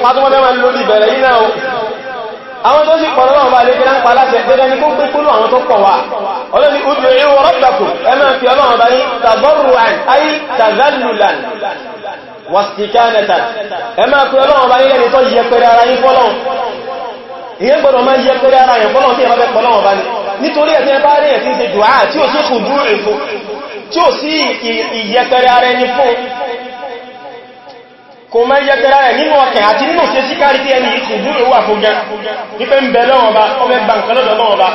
àwọn tó sì pọ̀lọ́wọ́ ọba lè gẹ́rẹ́ ń pa aláṣẹ pẹ́lẹ́ ní kó pínpínlú àwọn tó pọ̀ wà ọlọ́ni ojú ìwọ̀ rọ́gbàkù ẹmẹ́ fi ọlọ́run ọba ní tàbọ́rùn-ún ayé tàzálùlàn wàsìkánẹta ẹmẹ́ fi ọlọ́run ọba ní lẹ́ni tó yẹ pẹ̀lẹ́ ara yín fọ́lọ́run ìyẹn gbọ́dọ̀ máa yẹ pẹ̀lẹ́ ara yẹn fọ́lọ́run tí ẹ kò mẹ́ yẹ tẹ́ra rẹ̀ nínú ọkẹ̀ àti nínú ṣe sí kárí tí ẹni ìṣùgbú ìwà fún jẹ́ wípé ń bẹ lọ́wọ́ bá ọbẹ̀ gbàǹkanlọ́dọ̀ lọ́wọ́ bá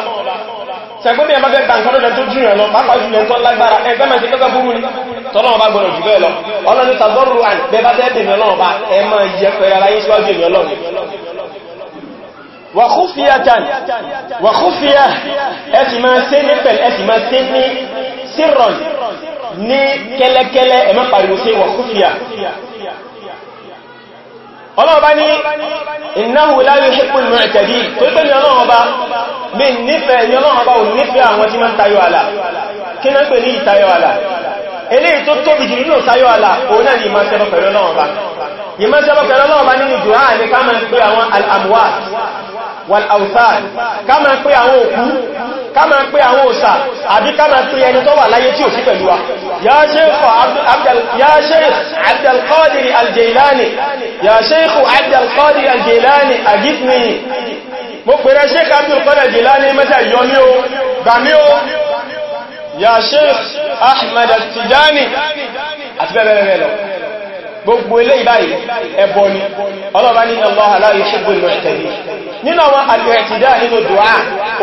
sẹ̀gbọ́n bí ẹbẹ́ gbàǹkanlọ́dọ̀ tó jùyàn lọ pàápàá jùlọ tó lágbára ẹgbẹ́ mẹ́sẹ̀ kẹ́kẹ́ búrú ni tọ́lọ́wọ́ bá gbọ́nà jù bẹ́ẹ̀ lọ ọlọ́ni tàbọ́rù àn bẹ́ẹ̀ bá tẹ́ bẹ̀rẹ̀ lọ́wọ́ bá ẹ mọ́ yẹ pẹ̀rẹ̀ ara yín síwájú èmi ọlọ́ni wàkúfíyàtàn wàkúfíyà ẹ sì máa ṣe ní pẹ̀lẹ́ ẹ sì máa ṣe ní sírọ̀n ní kẹ́lẹ́kẹ́lẹ́ ẹ̀mọ́ pariwo ṣe wàkúfíyà ọlọ́ọ̀bá ní innahu la yuhibbul mu'tadin tó pẹ́ ní ọlọ́ọ̀bá bí nífẹ̀ẹ́ ní ọlọ́ọ̀bá ò nífẹ̀ẹ́ àwọn tí máa ń tayọ àlà kí náà pè ní ìtayọ àlà eléyìí tó tóbi jù nínú tayọ àlà òun náà ni ìmá sẹ́bọ̀ máa wal-awthan ká máa pé àwọn òkú ká máa pé àwọn òsà àbí ká máa pé ẹni tó wà láyé tí ò sí pẹ̀lú wa ya Sheikh Abdul Qadir al-Jilani ya Sheikh Abdul Qadir al-Jilani àgífìnì mo pèrè Sheikh Abdul Qadir al-Jilani mẹ́ta yọ ní o gbà ní o ya Sheikh Ahmad tijani àti bẹ́ẹ̀ bẹ́ẹ̀ lọ gbogbo ilé ìbáyìí ẹbọ ni ọlọ́bá ní Allah la yuhibbul mu'tadin nínú àwọn àlẹ́ẹ̀tìdá nínú dùá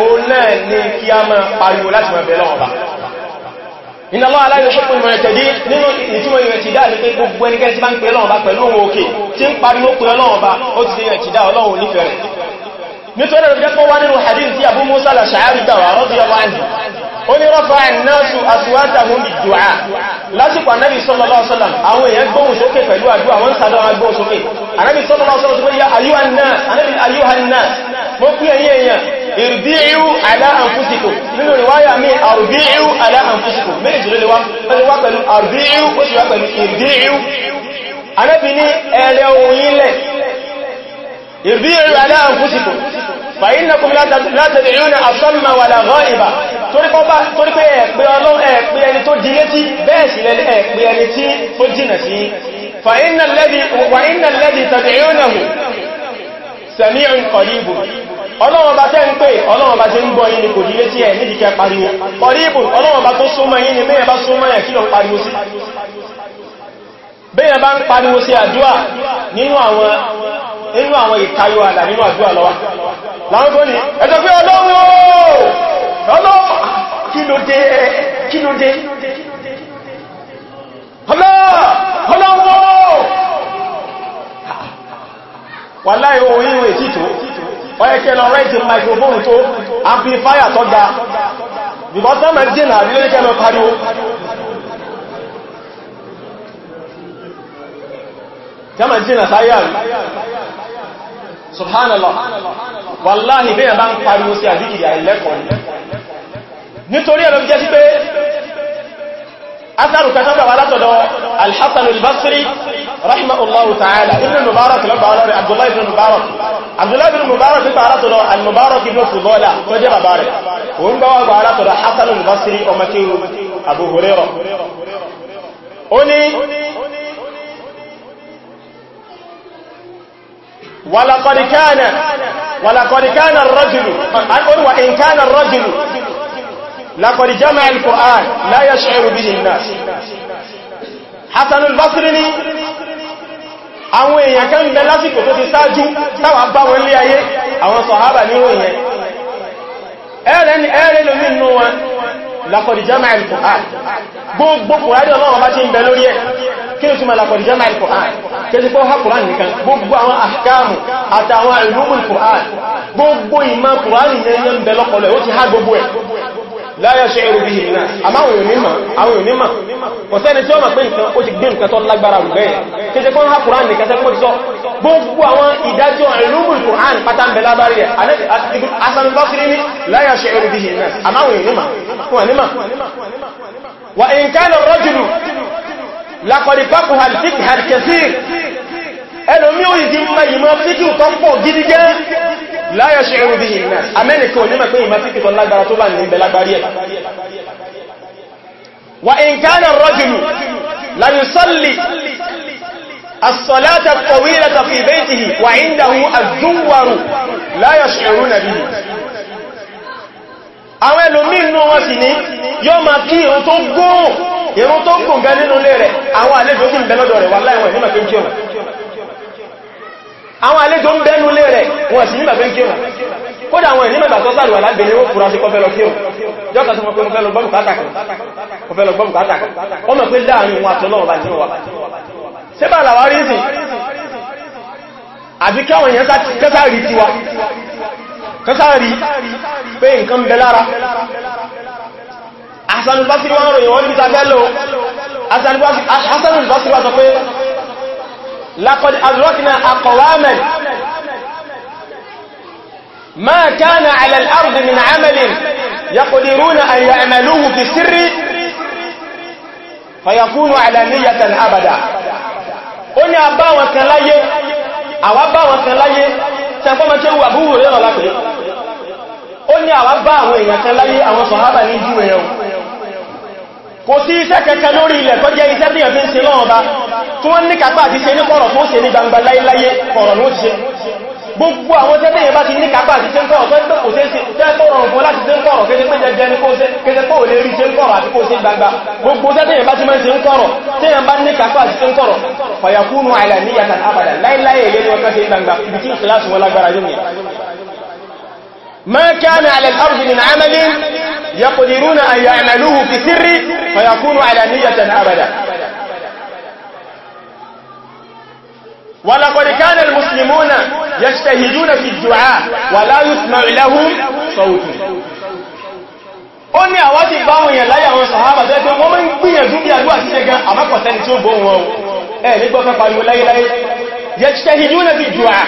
o náà ní kí a máa pariwo láti mọ̀ bẹ̀lọ́ ọba nínú Allah la yuhibbul mu'tadin nínú ìtumọ̀ ìrẹ̀tìdá ní pé gbogbo ẹnikẹ́ tí bá ń pè lọ́wọ́ bá pẹ̀lú ohun òkè tí ń pariwo pè lọ́wọ́ bá ó ti ó ní rọ́fà ẹ̀nàṣù àṣùwátàhùn ìdùá lásìkò anábì sallallahu alaihi wasallam àwọn èèyàn gbóhùn sókè pẹ̀lú àdúwà wọ́n sàdọ́ wọn gbóhùn sókè anábì sallallahu alaihi wasallam ya ayyuhan nas anábì ayyuhan nas mo pí ẹ̀yẹ èèyàn ìrùbíìrù ala anfusikum nínú ìwáyà mi àrùbíìrù ala anfusikum méjì ló lè wá pẹ̀lú àrùbíìrù ó sì wá pẹ̀lú ìrùbíìrù anábì ní ẹ̀rẹ̀ ìrìbíyàrí aláàkúsìkò fàyínàkùn látàdìyàn àṣọ́mà wà láàrọ̀ ìbà torí pé ẹ̀pẹ́ ọlọ́run ẹ̀pẹ́ ẹni tó jí létí bẹ́ẹ̀ sì lẹ́lẹ́ ẹ̀pẹ́ ẹni tí ó jìnà sí fàyínàlẹ́dì tàdìyànàhù sẹ̀mí ọ̀rìbù ọlọ́run bá tẹ́ ń pè ọlọ́run bá tẹ́ ń gbọ́ yìí ni kò dílé tí ẹ̀ nídìí kẹ pariwo ọ̀rìbù ọlọ́run bá sí bẹ́ẹ̀ nínú àwọn nínú àwọn ìtayọ àlà nínú àdúrà lọ́wọ́ láwọn tó ní ẹjọ́ pé ọlọ́wọ́ kí subhanallah wallahi bẹ́ẹ̀ bá ń pariwo sí àdíkìrì àìlẹ́kọ̀ọ́ ni nítorí ẹ̀lọ́bí jẹ́ sí pé asaru kan sábà wà látọ̀dọ̀ al-Hasan al-Basri rahimahullahu ta'ala ibn mubarak lọ́gbà ọlọ́rẹ̀ abdullah ibn mubarak abdullah ibn mubarak nípa látọ̀dọ̀ al-mubarak ibn fudola tó jẹ́ bàbá rẹ̀ òun gbọ́wà gbà látọ̀dọ̀ Hasan al-Basri ọmọ kí abu hurairah ó ní ولقد كان ولقد كان الرجل وإن كان الرجل لقد جمع القرآن لا يشعر به الناس Hasan al-Basri ni àwọn èèyàn kan bẹ lásìkò tó ti sáájú táwà bá wọn lé ayé àwọn sọ̀hábà ní òyìn ẹ̀rẹ́ lómi wọn laqad jama'a al-Qur'an gbogbo kùránì ọlọ́run bá ti ń bẹ lórí ẹ̀ kí o túnmọ̀ laqad jama'a al-Qur'an kéjì pọ́ hapùrán nìkan gbogbo àwọn ahkamu àtàwọn ulumul Qur'an gbogbo ìmọ̀ kùránì yẹn ń bẹ lọ́pọ̀lọ̀ ó ti há gbogbo ẹ̀ láyé ṣe ẹrù bí ìrìnà àmáwọn onímọ̀ àwọn onímọ̀ kò sẹ́ni tí ó mọ̀ pé nǹkan ó ti gbé nǹkan tó lágbára rùgbẹ́ kéṣe kọ́ ń ha kùrán nìkan sẹ́kọ́ mọ́ ti sọ gbogbo àwọn ìdájọ́ ìlúmùl kùrán pátá ń bẹ lábárí ẹ̀ asanu bọ́sírí ní láyé ṣe láyẹ̀ ṣe ẹrù bí i náà amẹ́nìkan onímọ̀ pé ìmọ̀ tí kìtọ̀ lágbára tó bá ní ibẹ̀ lágbárí ẹ̀ wà ìǹkánà rọ́jùlù láyùsọ́lì asọ̀látà kọ̀wílẹ̀ta fi bẹ́ẹ̀tìhì wà ìndàhún àdúnwàrù láyẹ̀ ṣe ẹrù nàbí àwọn ẹlòmínú wọn sì ní yóò máa kí irun tó gùn irun tó gùn gan nínú ilé rẹ̀ àwọn àlejò àwọn àlejò ń bẹ́nu lé rẹ̀ wọ́n sì nígbàgbé ń kírùn kódà àwọn ìnímẹ̀gbà tó sàrù alábìnrin ó fura sí kọfẹ́ lọ kírùn jọ́kà tó mọ̀ pé mo fẹ́ lọ gbọ́mù kátàkì ọmọ pé láàrin wọn àtọ́lọ́wọ́ bá jíwọ́ ṣe bá làwá rí sí àbí káwọn èèyàn kẹsàrí tiwa kẹsàrí pé nǹkan bẹ lára asanubasiri wọn ròyìn wọn níbi tàbẹ́lò asanubasiri wọn sọ pé لقد أدركنا أقواما ما كان على الأرض من عمل يقدرون أن يعملوه في السر فيكون علانية أبدا ó ní àbáwọn kan láyé àwa báwọn kan láyé tẹ́gbọ́n mọ́ tí ó wà búrò lẹ́rọ lápẹ́ ó ní àwa bá àwọn èèyàn kan láyé àwọn sọ̀hábà ní ìjú èèyàn kò sí iṣẹ́ kẹta lórí ilẹ̀ tó jẹ́ iṣẹ́ tí ẹ̀fí ń ṣe lọ́wọ́ bá tí wọ́n ní kàpá àti ṣe ní kọ̀rọ̀ tó ṣe ní gbangba láyéláyé kọ̀rọ̀ ló ṣe gbogbo àwọn iṣẹ́ tí ẹ̀bá ti ní kàpá àti ṣe ń kọ̀rọ̀ tó kò ṣe ṣe kọ̀rọ̀ fún láti ṣe ń kọ̀rọ̀ kéde pé يقدرون أن يعملوه في سر فيكون على نية أبدا ولقد كان المسلمون يجتهدون في الدعاء ولا يسمع لهم صوت أني أواتي باوية لا يهون صحابة ذاتهم ومن كن يزوم يدوى سيجا أمكو سنسون بوهو إيه لقد فقالوا لا يجتهدون في الدعاء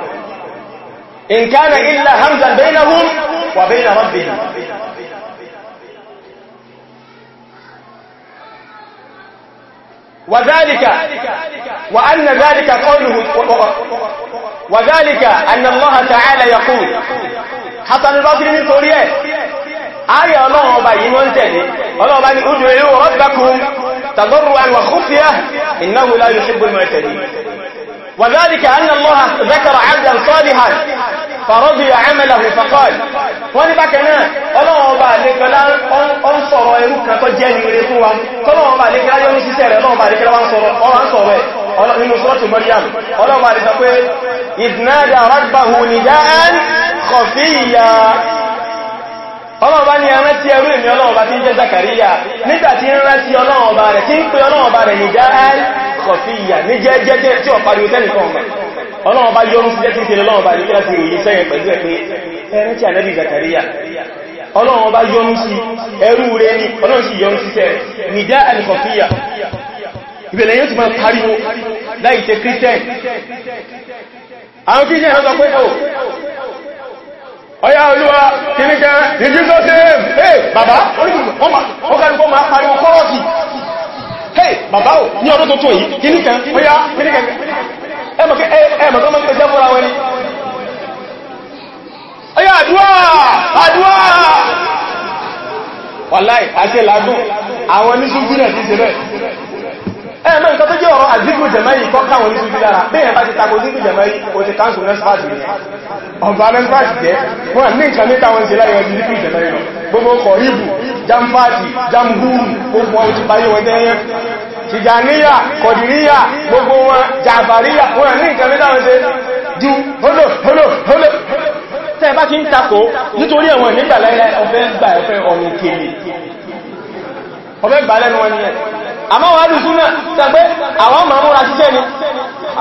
إن كان إلا همزا بينهم وبين ربهم وذلك وأن ذلك قوله وذلك أن الله تعالى يقول حتى البصري من سوريا آية الله أبا ينتهي الله أبا ادعوا ربكم تضرعا وخفية إنه لا يحب المعتدين وذلك أن الله ذكر عبدا صالحا fàrọ́bì àmẹ́lẹ̀hù fàkọ́ì wọ́n ní bákanáà ọlọ́wọ́n ọba àlékọlá ọ́n sọ̀rọ̀ ẹrú kan tó jẹ́ ní ire fún wa tọ́lọ́wọ́n ọba àlékọlá yọ́ ní sísẹ̀ rẹ̀ ọlọ́wọ́n ọba àlékọlá wọ́n sọ̀rọ̀ ẹ̀ nínú sọ́tù ẹrú èmì ọlọ́run tí ń jẹ́ Zakariya nígbàtí ń rán sí rẹ̀ tí ń pè ọlọ́run rẹ̀ nìjá ẹ́ kọ̀fíyà ní jẹ́ jẹ́jẹ́ tí ọ̀pàdé òtẹ́nìkan ọmọ ọlọ́wọ́n bá yọrún sí jẹ́tí ìṣẹ́lẹ̀ ọlọ́wọ́n bá ní kíláàsì ìròyìn sẹ́yìn pẹ̀lú ẹ̀ pé ẹ̀rẹ́ tí ànẹ́bì Zakaria ọlọ́wọ́n bá yọrún sí ẹrú rẹ̀ ní ọlọ́run sí yọrún sí tẹ́ nìdá alìkọ̀fíyà ìbẹ̀lẹ̀ yóò ti máa pariwo láìṣe kírísẹ́n àwọn kírísẹ́n lọ́sọ pé ó oh, ọya olúwa kíníkẹ́ ìjísọ́ sí ẹ̀ bàbá ó kàrùkọ́ máa pariwo kọ́rọ̀ sí ẹ̀ bàbá ò ní ọdún tuntun yìí kíníkẹ́ ọya kíníkẹ́ ẹmọ̀ tó mọ́ tẹ́jẹ́ fúnra wọn ni ẹyà àdúwà àdúwà wàláì àti ìlàgùn àwọn oníṣúgbí náà ti ṣẹlẹ̀ ẹ̀mọ́ nǹkan tó jẹ́ ọ̀rọ̀ àzíkù jẹ̀mẹ́yìn kọ́ káwọn oníṣúgbí lára bí ẹ̀ bá ti tako zíkù jẹ̀mẹ́yìn o ti káńsù nẹ́sìpáàtì rẹ̀ ọ̀bá nẹ́sìpáàtì jẹ́ wọ́n ní nǹkan ní káwọn ṣe láyé ọdún zíkù jẹ̀mẹ́yìn gbogbo kọ̀ ibù jamfáàtì jamhúrù tìjàníyà kọ̀dìríyà gbogbo wọn jàfàríyà wọ́n ní ìkẹ́ mẹ́tàwọn ṣe ju hólò hólò hólò tẹ́ bá kí ń takò nítorí ẹ̀wọ̀n nígbà láìláì ọ̀fẹ́ gbà ẹ̀fẹ́ ọ̀rùn kèrè ọ̀fẹ́ gbà lẹ́nu wọn ni ẹ̀ àmọ́ wà ní súnà tàbí àwọn ma múra ṣiṣẹ́ ni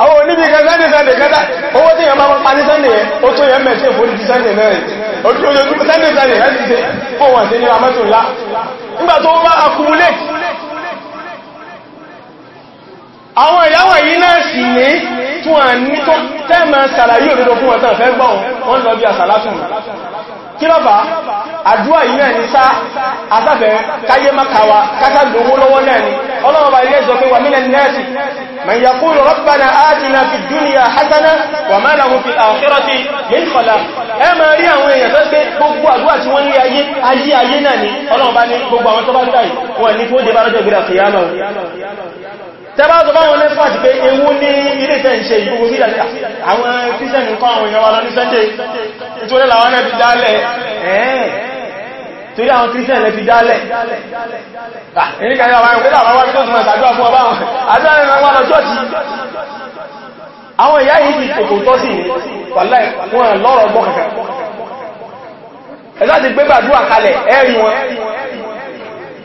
àwọn oníbi kan sunday sunday kẹta owó tí yẹn máa pa ní sunday yẹn ó tó yẹn mẹ́sí ìfòrí ti sunday náà rẹ̀ ojú ojú sunday sunday rẹ̀ ti ṣe fún wọn sí ní amẹ́sùn ńlá nígbà tó bá accumulate àwọn ìyáwọ̀ yìí náà sì ní tún à ní tó tẹ́mọ̀ sàlàyé òdodo fún ọ̀tàn fẹ́ gbọ́n wọ́n lọ bí àsàlátùn kí ló fà àdúrà yìí náà ní sá àsáfẹ́ káyé makawa kásá lówó lọ́wọ́ náà ni ọlọ́wọ́ bá ilé ìzọ pé wà mílẹ̀ nẹ́ẹ̀sì man yaqulu rabbana atina fid dunya hasana wa ma lahu fil akhirati min khalaq ẹ ma rí àwọn èèyàn tó pé gbogbo àdúrà tí wọ́n ní ayé ayé ayé náà ni ọlọ́wọ́ bá ní gbogbo àwọn tó bá dáì wọ́n ní kó dé bá rọ́jọ́ gbé tẹ́bá tó bá wọn ní fàájì pé ewu ní ilé tẹ́ ń ìgbogbo sí àwọn christian ń kọ́ àwọn èèyàn wa lọ ní sunday nítorí làwọn àwọn christian lẹ fi dálẹ̀ àwọn ìyá yìí ti kòkò tọ́ sí wàláì wọn lọ́rọ̀ gbọ́kàkà ẹ̀lá ti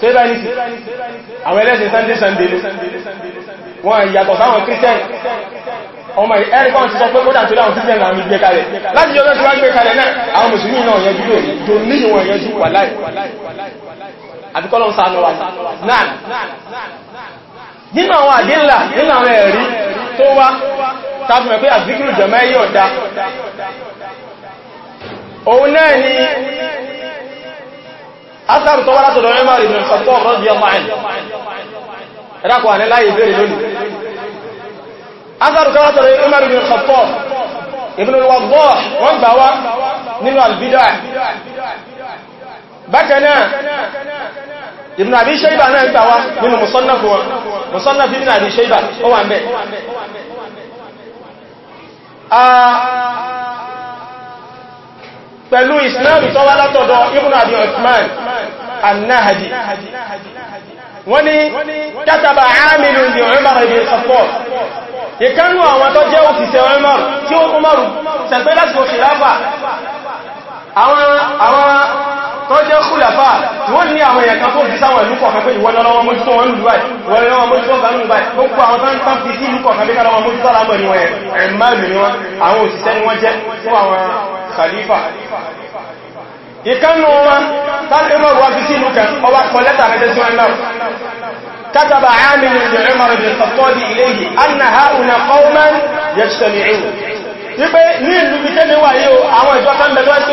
ṣe bá ní sí àwọn ẹlẹ́sìn sunday sunday wọ́n ìyàtọ̀ sáwọn christian ọmọ ẹ̀rìkọ́n ti sọ pé kódà tó láwọn christian láwọn gbé kalẹ̀ láti yọ́ lọ́sí wọ́n gbé kalẹ̀ náà àwọn mùsùlùmí náà yẹjú lò tó ní ìwọ̀n yẹjú wà láì àbíkọ́lọ́ sánú wa náà nínú àwọn àdínlà nínú àwọn ẹ̀rí tó wá tàbí pé àzíkìrù jẹ̀mẹ́ yóò dá òun náà ni asáàrù tó wá látọ̀dọ̀ Umar ibn al-Khattab radiyallahu anhu ẹ̀dàkọ̀ àní láyé ìbẹ̀rẹ̀ lónìí asáàrù tó látọ̀dọ̀ Umar ibn al-Khattab ibn al-Waddah wọ́n gbà wá nínú al-Bid'ah pẹ̀lú ìsìláàmù tó wá látọ̀dọ̀ ibùn àbí osman annáhàjì wọ́n ni kátàbà àmìlù ní Umar ibi ìsọ̀pọ̀ ìkánú àwọn tó jẹ́ òṣìṣẹ́ Umar tí ó kúmọ̀rù sẹ̀pẹ́ tó jẹ́ kúlàfà tó ní àwọn èèyàn kan tó fi sáwọn ìlú kọ̀ọ̀kan pé ìwọ́n lọ́wọ́ mójútó wọn lùlú báyìí wọ́n lọ́wọ́ mójútó wọn lùlú báyìí gbogbo àwọn tó tán fi sí ìlú kọ̀ọ̀kan bí kálọ́wọ́ mójútó alámọ̀ ni wọ́n ẹ̀mọ́lù كتب عامل بن عمر بن الخطاب إليه أن هؤلاء قوما يجتمعون nípe ní ìlú bí tẹ́lẹ̀ wà yíò àwọn ìjọ kan bẹ̀rẹ̀ tí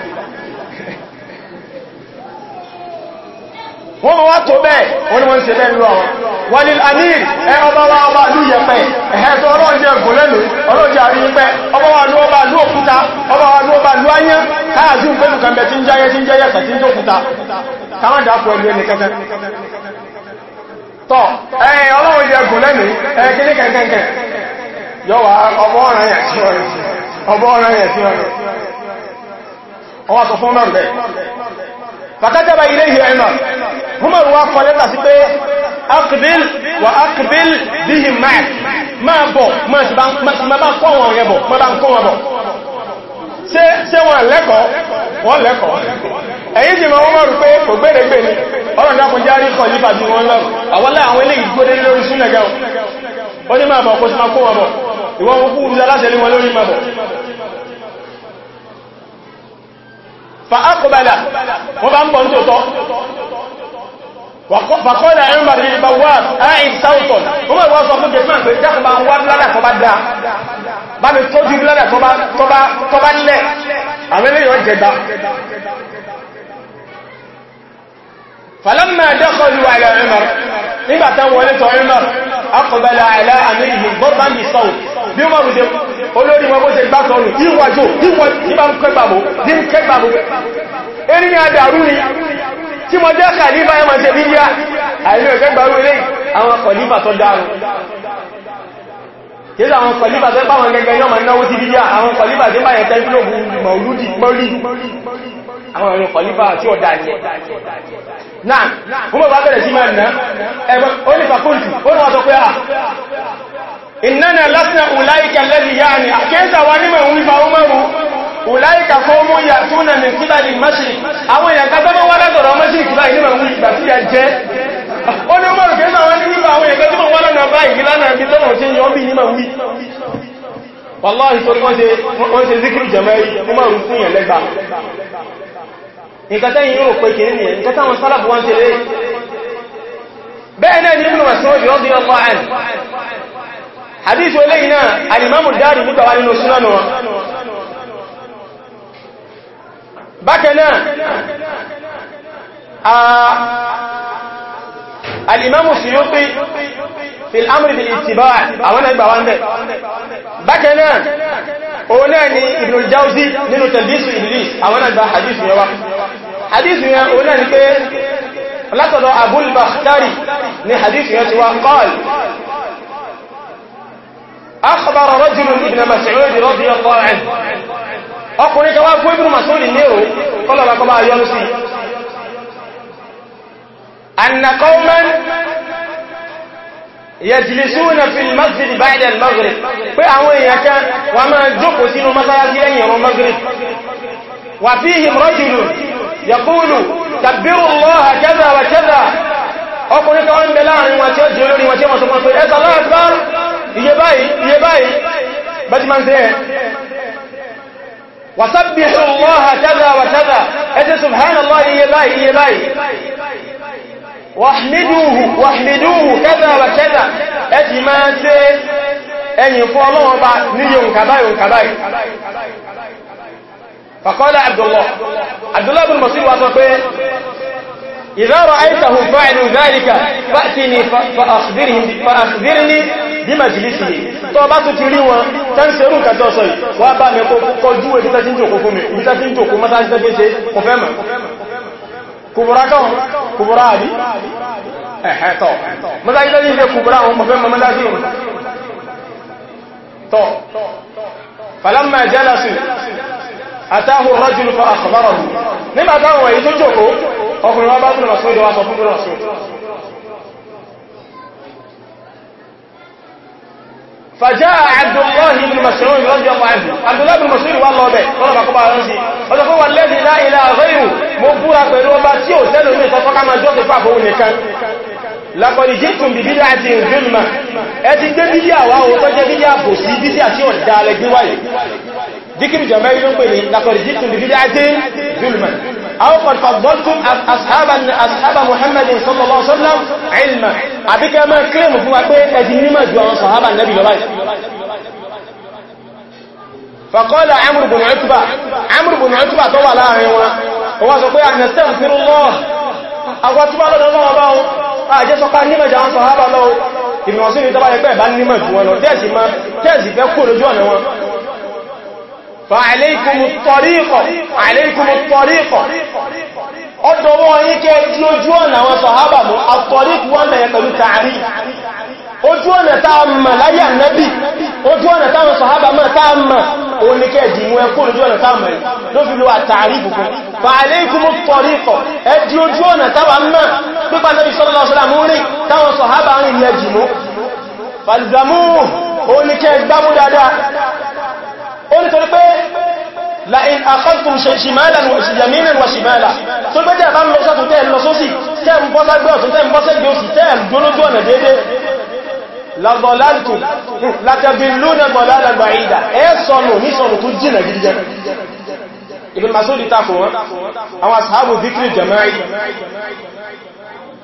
wọ́n ma wá tó bẹ́ẹ̀ wọ́n wọ́n ṣe bẹ́ẹ̀ lọ́wọ́ wàlìl anil ẹ ọba wa ọba lú yẹpẹ́ ẹ̀hẹ́ tó ọlọ́jẹ́ gòlẹ́lù ọlọ́jẹ́ àríyípẹ́ ọba wa lú ọba lú òkúta ọba wa lú ọba lú ayẹ́ káàzú pẹ̀lú kàmbẹ̀ tí ń jẹ́ tí ń jẹ́ yẹ́sẹ̀ tí ń jókúta káwọn dápọ̀ ẹlú ẹni kẹ́kẹ́ tọ́ ẹ̀ ọlọ́wọ́ jẹ́ ọwọ́ sọ fún mẹ́rin bẹ́ẹ̀ fàkátàbà ilé ìhì ẹ̀nà Umar wá kọ lẹ́tà sí pé akbil wa akbil bihi ma'ak máa bọ̀ máa bá ń kọ́ wọn rẹ̀ bọ̀ máa bá ń kọ́ wọn bọ̀ ṣe wọn lẹ́kọ̀ọ́ wọn lẹ́kọ̀ọ́ ẹ̀yìn jìmọ̀ wọn mọ̀rù pé kò gbẹ́rẹ̀gbẹ́ ni ọ̀rọ̀ dákun fa'akọ̀bẹ̀lá wọ́n bá ń bọ̀ ní tòótọ́ fàkọ́lá ẹ̀rùnbà rí bá wà áìn sáùtọ̀n wọ́n mọ̀ wọ́n sọ fún jẹ́sùn àti ìjákùnbà ń wá ládà tó bá dáa bá mi tó bí ládà tó bá lẹ́ àwọn eléyàn jẹgbà فلما دخلوا على عمر نبا تان وليت عمر اقبل على اميره ضربا بالصوت بعمر دي olórí wọn bó ṣe gbá sọ́rù ìwàjò nípa ń kẹgbàmó ní ń kẹgbàmó erí ni àdàrú ni tí mo jẹ́ kàlífà ẹmọ̀ ṣe bí yá àìlú ẹ̀kẹgbàrú ilé àwọn kọ̀lífà tó dáàrù kéèdè àwọn kọ̀lífà tó pàwọn gẹ́gẹ́ yọ́ àwọn ẹ̀rùn kọlífà tí ó dájẹ́ náà kúmọ̀ bá bẹ̀rẹ̀ sí máa nà ẹgbẹ́ onífàkóntù ó náà sọ pé à ìnáná lásìnà ùláìkà lẹ́lì yáà ni àkíyèsà wa nímọ̀ ìwúfà ó mẹ́rù ùláìkà fọ́mú yà túnà ní kílà ní mẹ́ṣì àwọn èèyàn ya jẹ́ ó ní mọ́rù kí náà wọ́n ní wípa àwọn èèyàn kátọ́bọ́ wá lọ́nà bá ìgbìlánà bí tọ́nà tí yọ́ bí nímọ̀ wí wàláhì sọ́rí wọ́n ṣe zíkìrì jẹ́mẹ́rí ní mọ́rù fún yẹn nǹkan tẹ́yìn yóò pé kìí nìyẹn nǹkan táwọn sálàbù wọ́n ṣe lẹ́yìn bẹ́ẹ̀ náà ni Ibn Mas'ud radiyallahu anhu hadith eléyìn náà al-Imam ad-Darimi في الامر بالاتباع او انا اولا باوند انا اولاني يعني ابن الجوزي من تلبيس ابليس اولا با حديث يوا حديث يوا اولاني يعني كي لقد ابو البختاري من حديث يسوع قال اخبر رجل ابن مسعود رضي الله عنه اقول لك واقف ابن مسعود نيو قال لك ما يونسي ان قوما yẹ̀jìlìsúnà fi masjid báyìí al-maghrib pé àwọn èèyàn kan wà máa jókòó sínú mọ́sálásí lẹ́yìn ọ̀rọ̀ maghrib wà fi him rajulun yaqulu tàbírù lọ́ha kẹ́zà wà kẹ́zà ọkùnrin kan ń bẹ láàrin wọn tí ó jẹ́ olórin wọn tí wọ́n sọ wàhmìdúhù wàhmìdúhù kẹ́bẹ̀ wà kẹ́bẹ̀ ẹ̀tì máa ṣe ẹ̀yìn fún ọlọ́wọ́ bá níye òǹkàbáyì òǹkàbáyì fàkọ́lá Abdullah Abdullah bin Mas'ud wá sọ pé idha ra'aytahum fa'alu dhalika fa'tini fa'akhbirni bí majlisihi tó bá tún ti rí wọn tán ṣe rú kàtọ́ sọ yìí wá kùbùrá kan kùbùrá àbí ẹ̀hẹ́ tọ́ mọ́sájí tó yíṣẹ́ kùbùrá àwọn mọ̀fẹ́ mọ́sájí wọn tọ́ falamma jalasu atahu rajulu fa akhbarahu nígbàtàwọn èyí tó jòkó ọkùnrin wọn bá tún lọ sódò wá sọ fún tó lọ sódò فجاء عبد الله بن مسعود رضي الله عنه عبد الله بن مسعود والله به ولا بقبا رانسي ولا هو الذي لا اله غيره مبورا pẹ̀lú ọba tí ó telo mi so fa ka ma jo ke fa bo ni kan laqad jitum bi bid'atin dhimma ti de bidia wa o to je bidia bo si bidia tí ذكر جماعي نقول لقد جئتم ببدعة ظلما أو قد فضلتم أصحاب أصحاب محمد صلى الله عليه وسلم علما أبيك ما كلمة هو أبي أديني ما جوا صحابة النبي لله فقال عمر بن عتبة عمر بن عتبة طوى لا هو هو سقيا نستغفر الله أو تبا لنا الله أباو أجي سقى نما جوا صحابة لو ìmọ̀ sí ní tọ́bá ẹgbẹ́ ìbá nímọ̀ jù wọn lọ tẹ́ẹ̀sì fẹ́ kó فعليكم الطريقة عليكم الطريقة ọdọ̀wọ́ yí kẹ́ tí ojú ọ̀nà àwọn sọ̀hábà mú àtọ̀ríkù ọ̀nà ẹ̀ pẹ̀lú tààrí ojú ọ̀nà táa mọ̀ láyé ànábì ojú ọ̀nà táwọn sọ̀hábà mọ̀ táa mọ̀ oníkẹ́ ìdìmú ẹkùn ojú ọ̀nà táa mọ̀ ló fi lówà tààrí bùkún فعليكم الطريقة ẹdí ojú ọ̀nà táwa mọ̀ pípa nábi ó nítorí pé láìn àkọ́kùn ṣìmáìlàn wàṣìjàmínàn wàṣìmáìlà tó gbé jẹ́ àbá ń lọ sọ́tún tẹ́ lọ sósì tẹ́ ń bọ́ ságbé ọ̀tún tẹ́ ń bọ́ sẹ́gbé òsì tẹ́ ń gbónójú ọ̀nà déédé lọ́gọ́láàtù látẹ̀bí lónà gbọ̀lálàgbà ìdà ẹ́ sọnù ní sọnù tó jìnà gidigan Ibn Mas'ud tako wọn àwọn ashabu zikri jama'i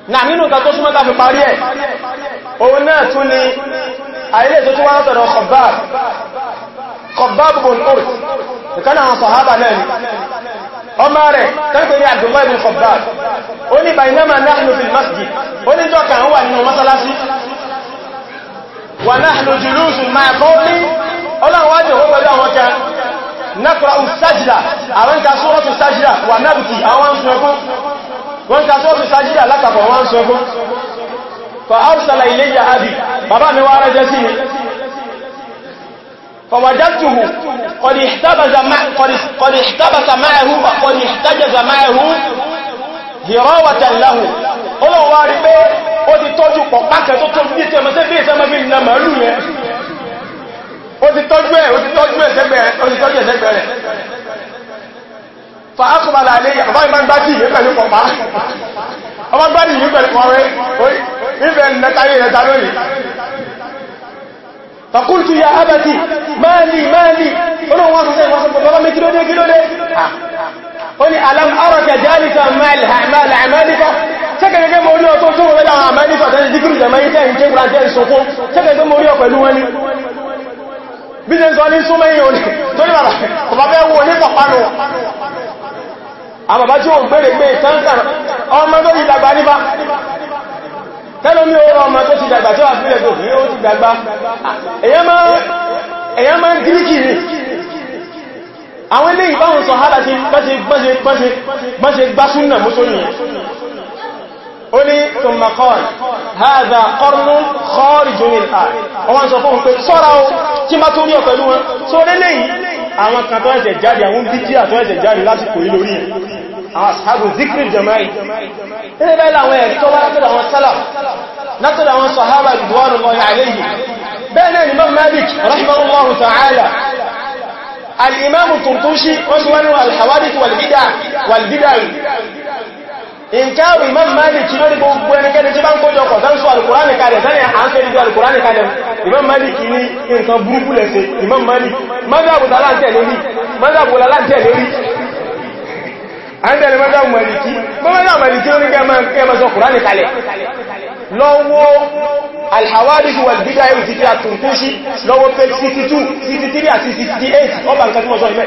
náà nínú nǹkan tó súnmọ́ta fi parí ẹ̀ òun náà tún ni àílé tó tún wá látọ̀dọ̀ Khabbab Khabbab bin Urt ìkan àwọn sàhábà náà ni ọmọ rẹ̀ tẹ́kẹ̀ẹ́ ní Abdullah bin Khabbab ó ní bainama nahnu fil masjid ó ní jọ́ka ń wà nínú mọ́sálásí wa nahnu julusun ma'a wọ́n ká sọ́ọ̀tù sájídà látàpọ̀ wọ́n sọ fún fa arsala ilayya abi bàbá mi wá rẹ́jẹ́ sí mi fọwàdátùhù kọ̀dì ìtàbàsà máàrù kọ̀dì ìtàjẹ̀sà máàrù hìrọ́wàtà láhù olóòwà rí pé ó fàásùmàlà alẹ́ yàbá ìmá gbájì ìwé pẹ̀lú pọ̀pá ọmọ gbájì ìwé pẹ̀lú pọ̀wẹ́ nífẹ̀ nẹtayé ẹta lónìí fàkúntù ya abẹ́tì máàlì máàlì olóòwò sẹ́kẹ̀ẹ́gẹ́ mọ̀ orí ọ̀tọ́ tó wọ́n láwọn àmẹ́lìkà tẹ́lẹ̀ díkìrì jẹ́mẹ́ ìtẹ́ ìjẹ́ ìgbàjẹ́ ìṣòkó sẹ́kẹ̀ẹ́gẹ́ mọ̀ orí ọ̀pẹ̀lú wọn ni bí i ṣe ń sọ ní súnmẹ́yìn òní tó ní bàbá ọ̀bá fẹ́ wọ́n ní pàpánù àwọn bàbá tí ó ń pèrè pé sáńsàn ọmọ tó ti dàgbà nípa tẹ́lọ ní ọ̀rọ̀ ọmọ tó ti dàgbà tí ya àfihàn tó ní ó ti dàgbà ó ní tùmọ̀kọ́n haza kọrùnú kọ́rìjú ní ìta ọwọ́n sọ fún pé sọ́ra o kí má tó rí ọ pẹ̀lú wọn tó lélẹ̀ yìí àwọn kan tó ẹ̀sẹ̀ jáde àwọn bídí àtọ́ ẹ̀sẹ̀ jáde láti kò rí lórí àwọn ashabul zikri jama'i الإمام الطرطوشي وسوانه الحوادث والبدع والبدع ìkáàrù imam malik lórí gbogbo ẹnikẹ́ni tí bá ń kójọ kọ̀ tán sọ alùkùránì kalẹ̀ tán ni à ń tẹ́lẹ̀ jọ alùkùránì kalẹ̀ imam malik ní nǹkan burúkú lẹ́sẹ̀ imam malik mazhabu láńtẹ̀ lérí mazhabu láńtẹ̀ lérí àndẹ̀lẹ̀ mazhabu maliki mazhabu maliki lórí kẹ́mọ́ sọ kùránì kalẹ̀ lọ́wọ́ alhawadith wal bid'ah ìrùsí tí a tún kú sí lọ́wọ́ pé 62 63 àti 68 ọba nǹkan tí wọ́n sọ ìmẹ́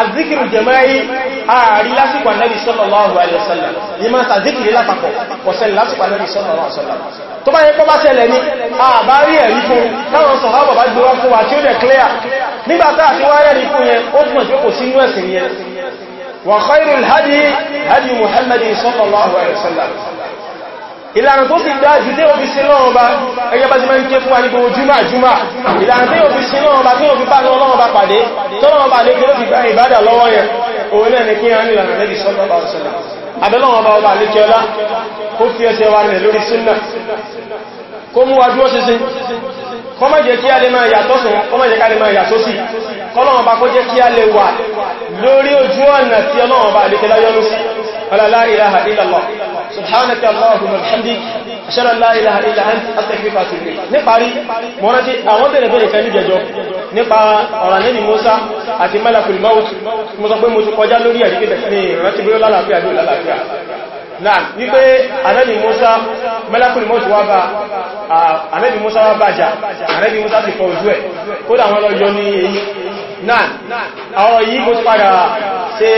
azikiru jama'i ààrí lásìkò annabi sallallahu alaihi wasallam ìmọ̀ sàzikiri lápapọ̀ pọ̀sẹ̀lẹ̀ lásìkò annabi sallallahu alaihi wasallam tó bá yẹ kó bá ṣẹlẹ̀ ní àbá rí ẹ̀rí fún táwọn sọ̀hábà bá gbé wá fún wa tí ìlànà tó fi dájú tí ó fi sí lọ́wọ́ bá ẹgbẹ́ bá ti mẹ́ ń ké fún wa ní gbogbo júmà júmà ìlànà tí ó fi sí lọ́wọ́ bá tí ó fi bá lọ́wọ́ bá pàdé tọ́lọ́wọ́ bá lé kí ó fi gba ìbádà lọ́wọ́ yẹn òun náà ni kí á nílànà lẹ́bí sọ́lọ́ bá ọ̀sẹ̀lá abẹ́lọ́wọ́ bá ọba lé kí ọlá kó fi ẹsẹ̀ wa rẹ̀ lórí súnnà kó mú wa dúró ṣinṣin kó má jẹ́ kí a lè máa yàtọ̀ sùn kó má jẹ́ ká lè máa yàtọ̀ sí kọ́lọ́wọ́ bá kó jẹ́ kí a lè wà lórí ojú ọ̀nà tí ọlọ́wọ́ bá lè kẹlá yọ́nú sí ولا لا إله إلا الله سبحانك اللهم وبحمدك أشهد أن لا إله إلا أنت أستغفرك وأتوب إليك níparí mo rántí àwọn bẹ̀rẹ̀ bẹ̀rẹ̀ kan ní jẹjọ nípa ọ̀rọ̀ nẹ́bì Musa àti malakul maut mo sọ pé mo ti kọjá lórí àríkẹ́ ní ìrántí bí ó lálàáfíà bí ó lálàáfíà náà wípé anẹ́bì Musa malakul maut wá bá anẹ́bì Musa wá bàjá anẹ́bì Musa ti fọ ojú ẹ̀ kódà wọn lọ yọ ní èyí náà àwọn yìí mo ti padà ṣe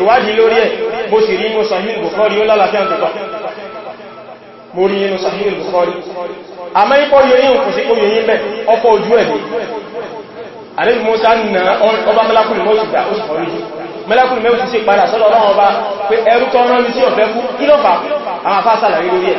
ìwádìí lórí ẹ̀ bó sì rí inú Sahih Bukhari ó lálàáfíà ń tọ́tọ́ mo rí inú Sahih Bukhari àmẹ́ ipò yóyìn kò sí kó yóyìn bẹ́ ọkọ̀ ojú ẹ̀dẹ̀ àdébì Musa nà ọba mẹ́lákùnrin mọ́ ìgbà ó sọ̀rọ̀ yìí mẹ́lákùnrin mẹ́wùsí sí padà sọ́dọ̀ ọlọ́run ọba pé ẹrú tọ́rọ mi sí ọ̀fẹ́ fún kí lọ́fà àwọn afásàlà rí lórí ẹ̀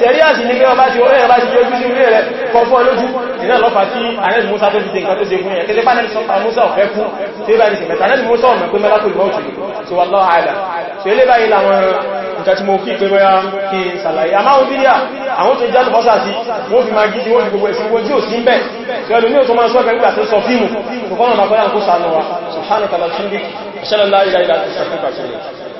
sẹ̀rí àti ní pé ọba ti orí ẹ̀rọ bá ti jọjú sí ilé rẹ̀ kọfọ́ lójú iná lọ́fà tí anẹ́lì Musa tó fi ṣe nǹkan tó ṣe fún ẹ̀kẹ́ pé anẹ́lì Musa ọ̀fẹ́ kú tí bá ní ṣe mẹ́ta anẹ́lì Musa ọ̀mẹ́ pé mẹ́lá tó lọ́ọ̀ tù tí wà lọ́ àìlà ṣe ilé báyìí làwọn nǹkan tí mo fi pé bóyá kí n ṣàlàyé àmáhùn bíríà àwọn tó jẹ́ lọ́fọ́sà sí wọ́n fi máa gidi wọ́n fi gbogbo ẹ̀sìn gbogbo tí ò sí ń bẹ̀ tí ẹlòmí ò tó máa sọ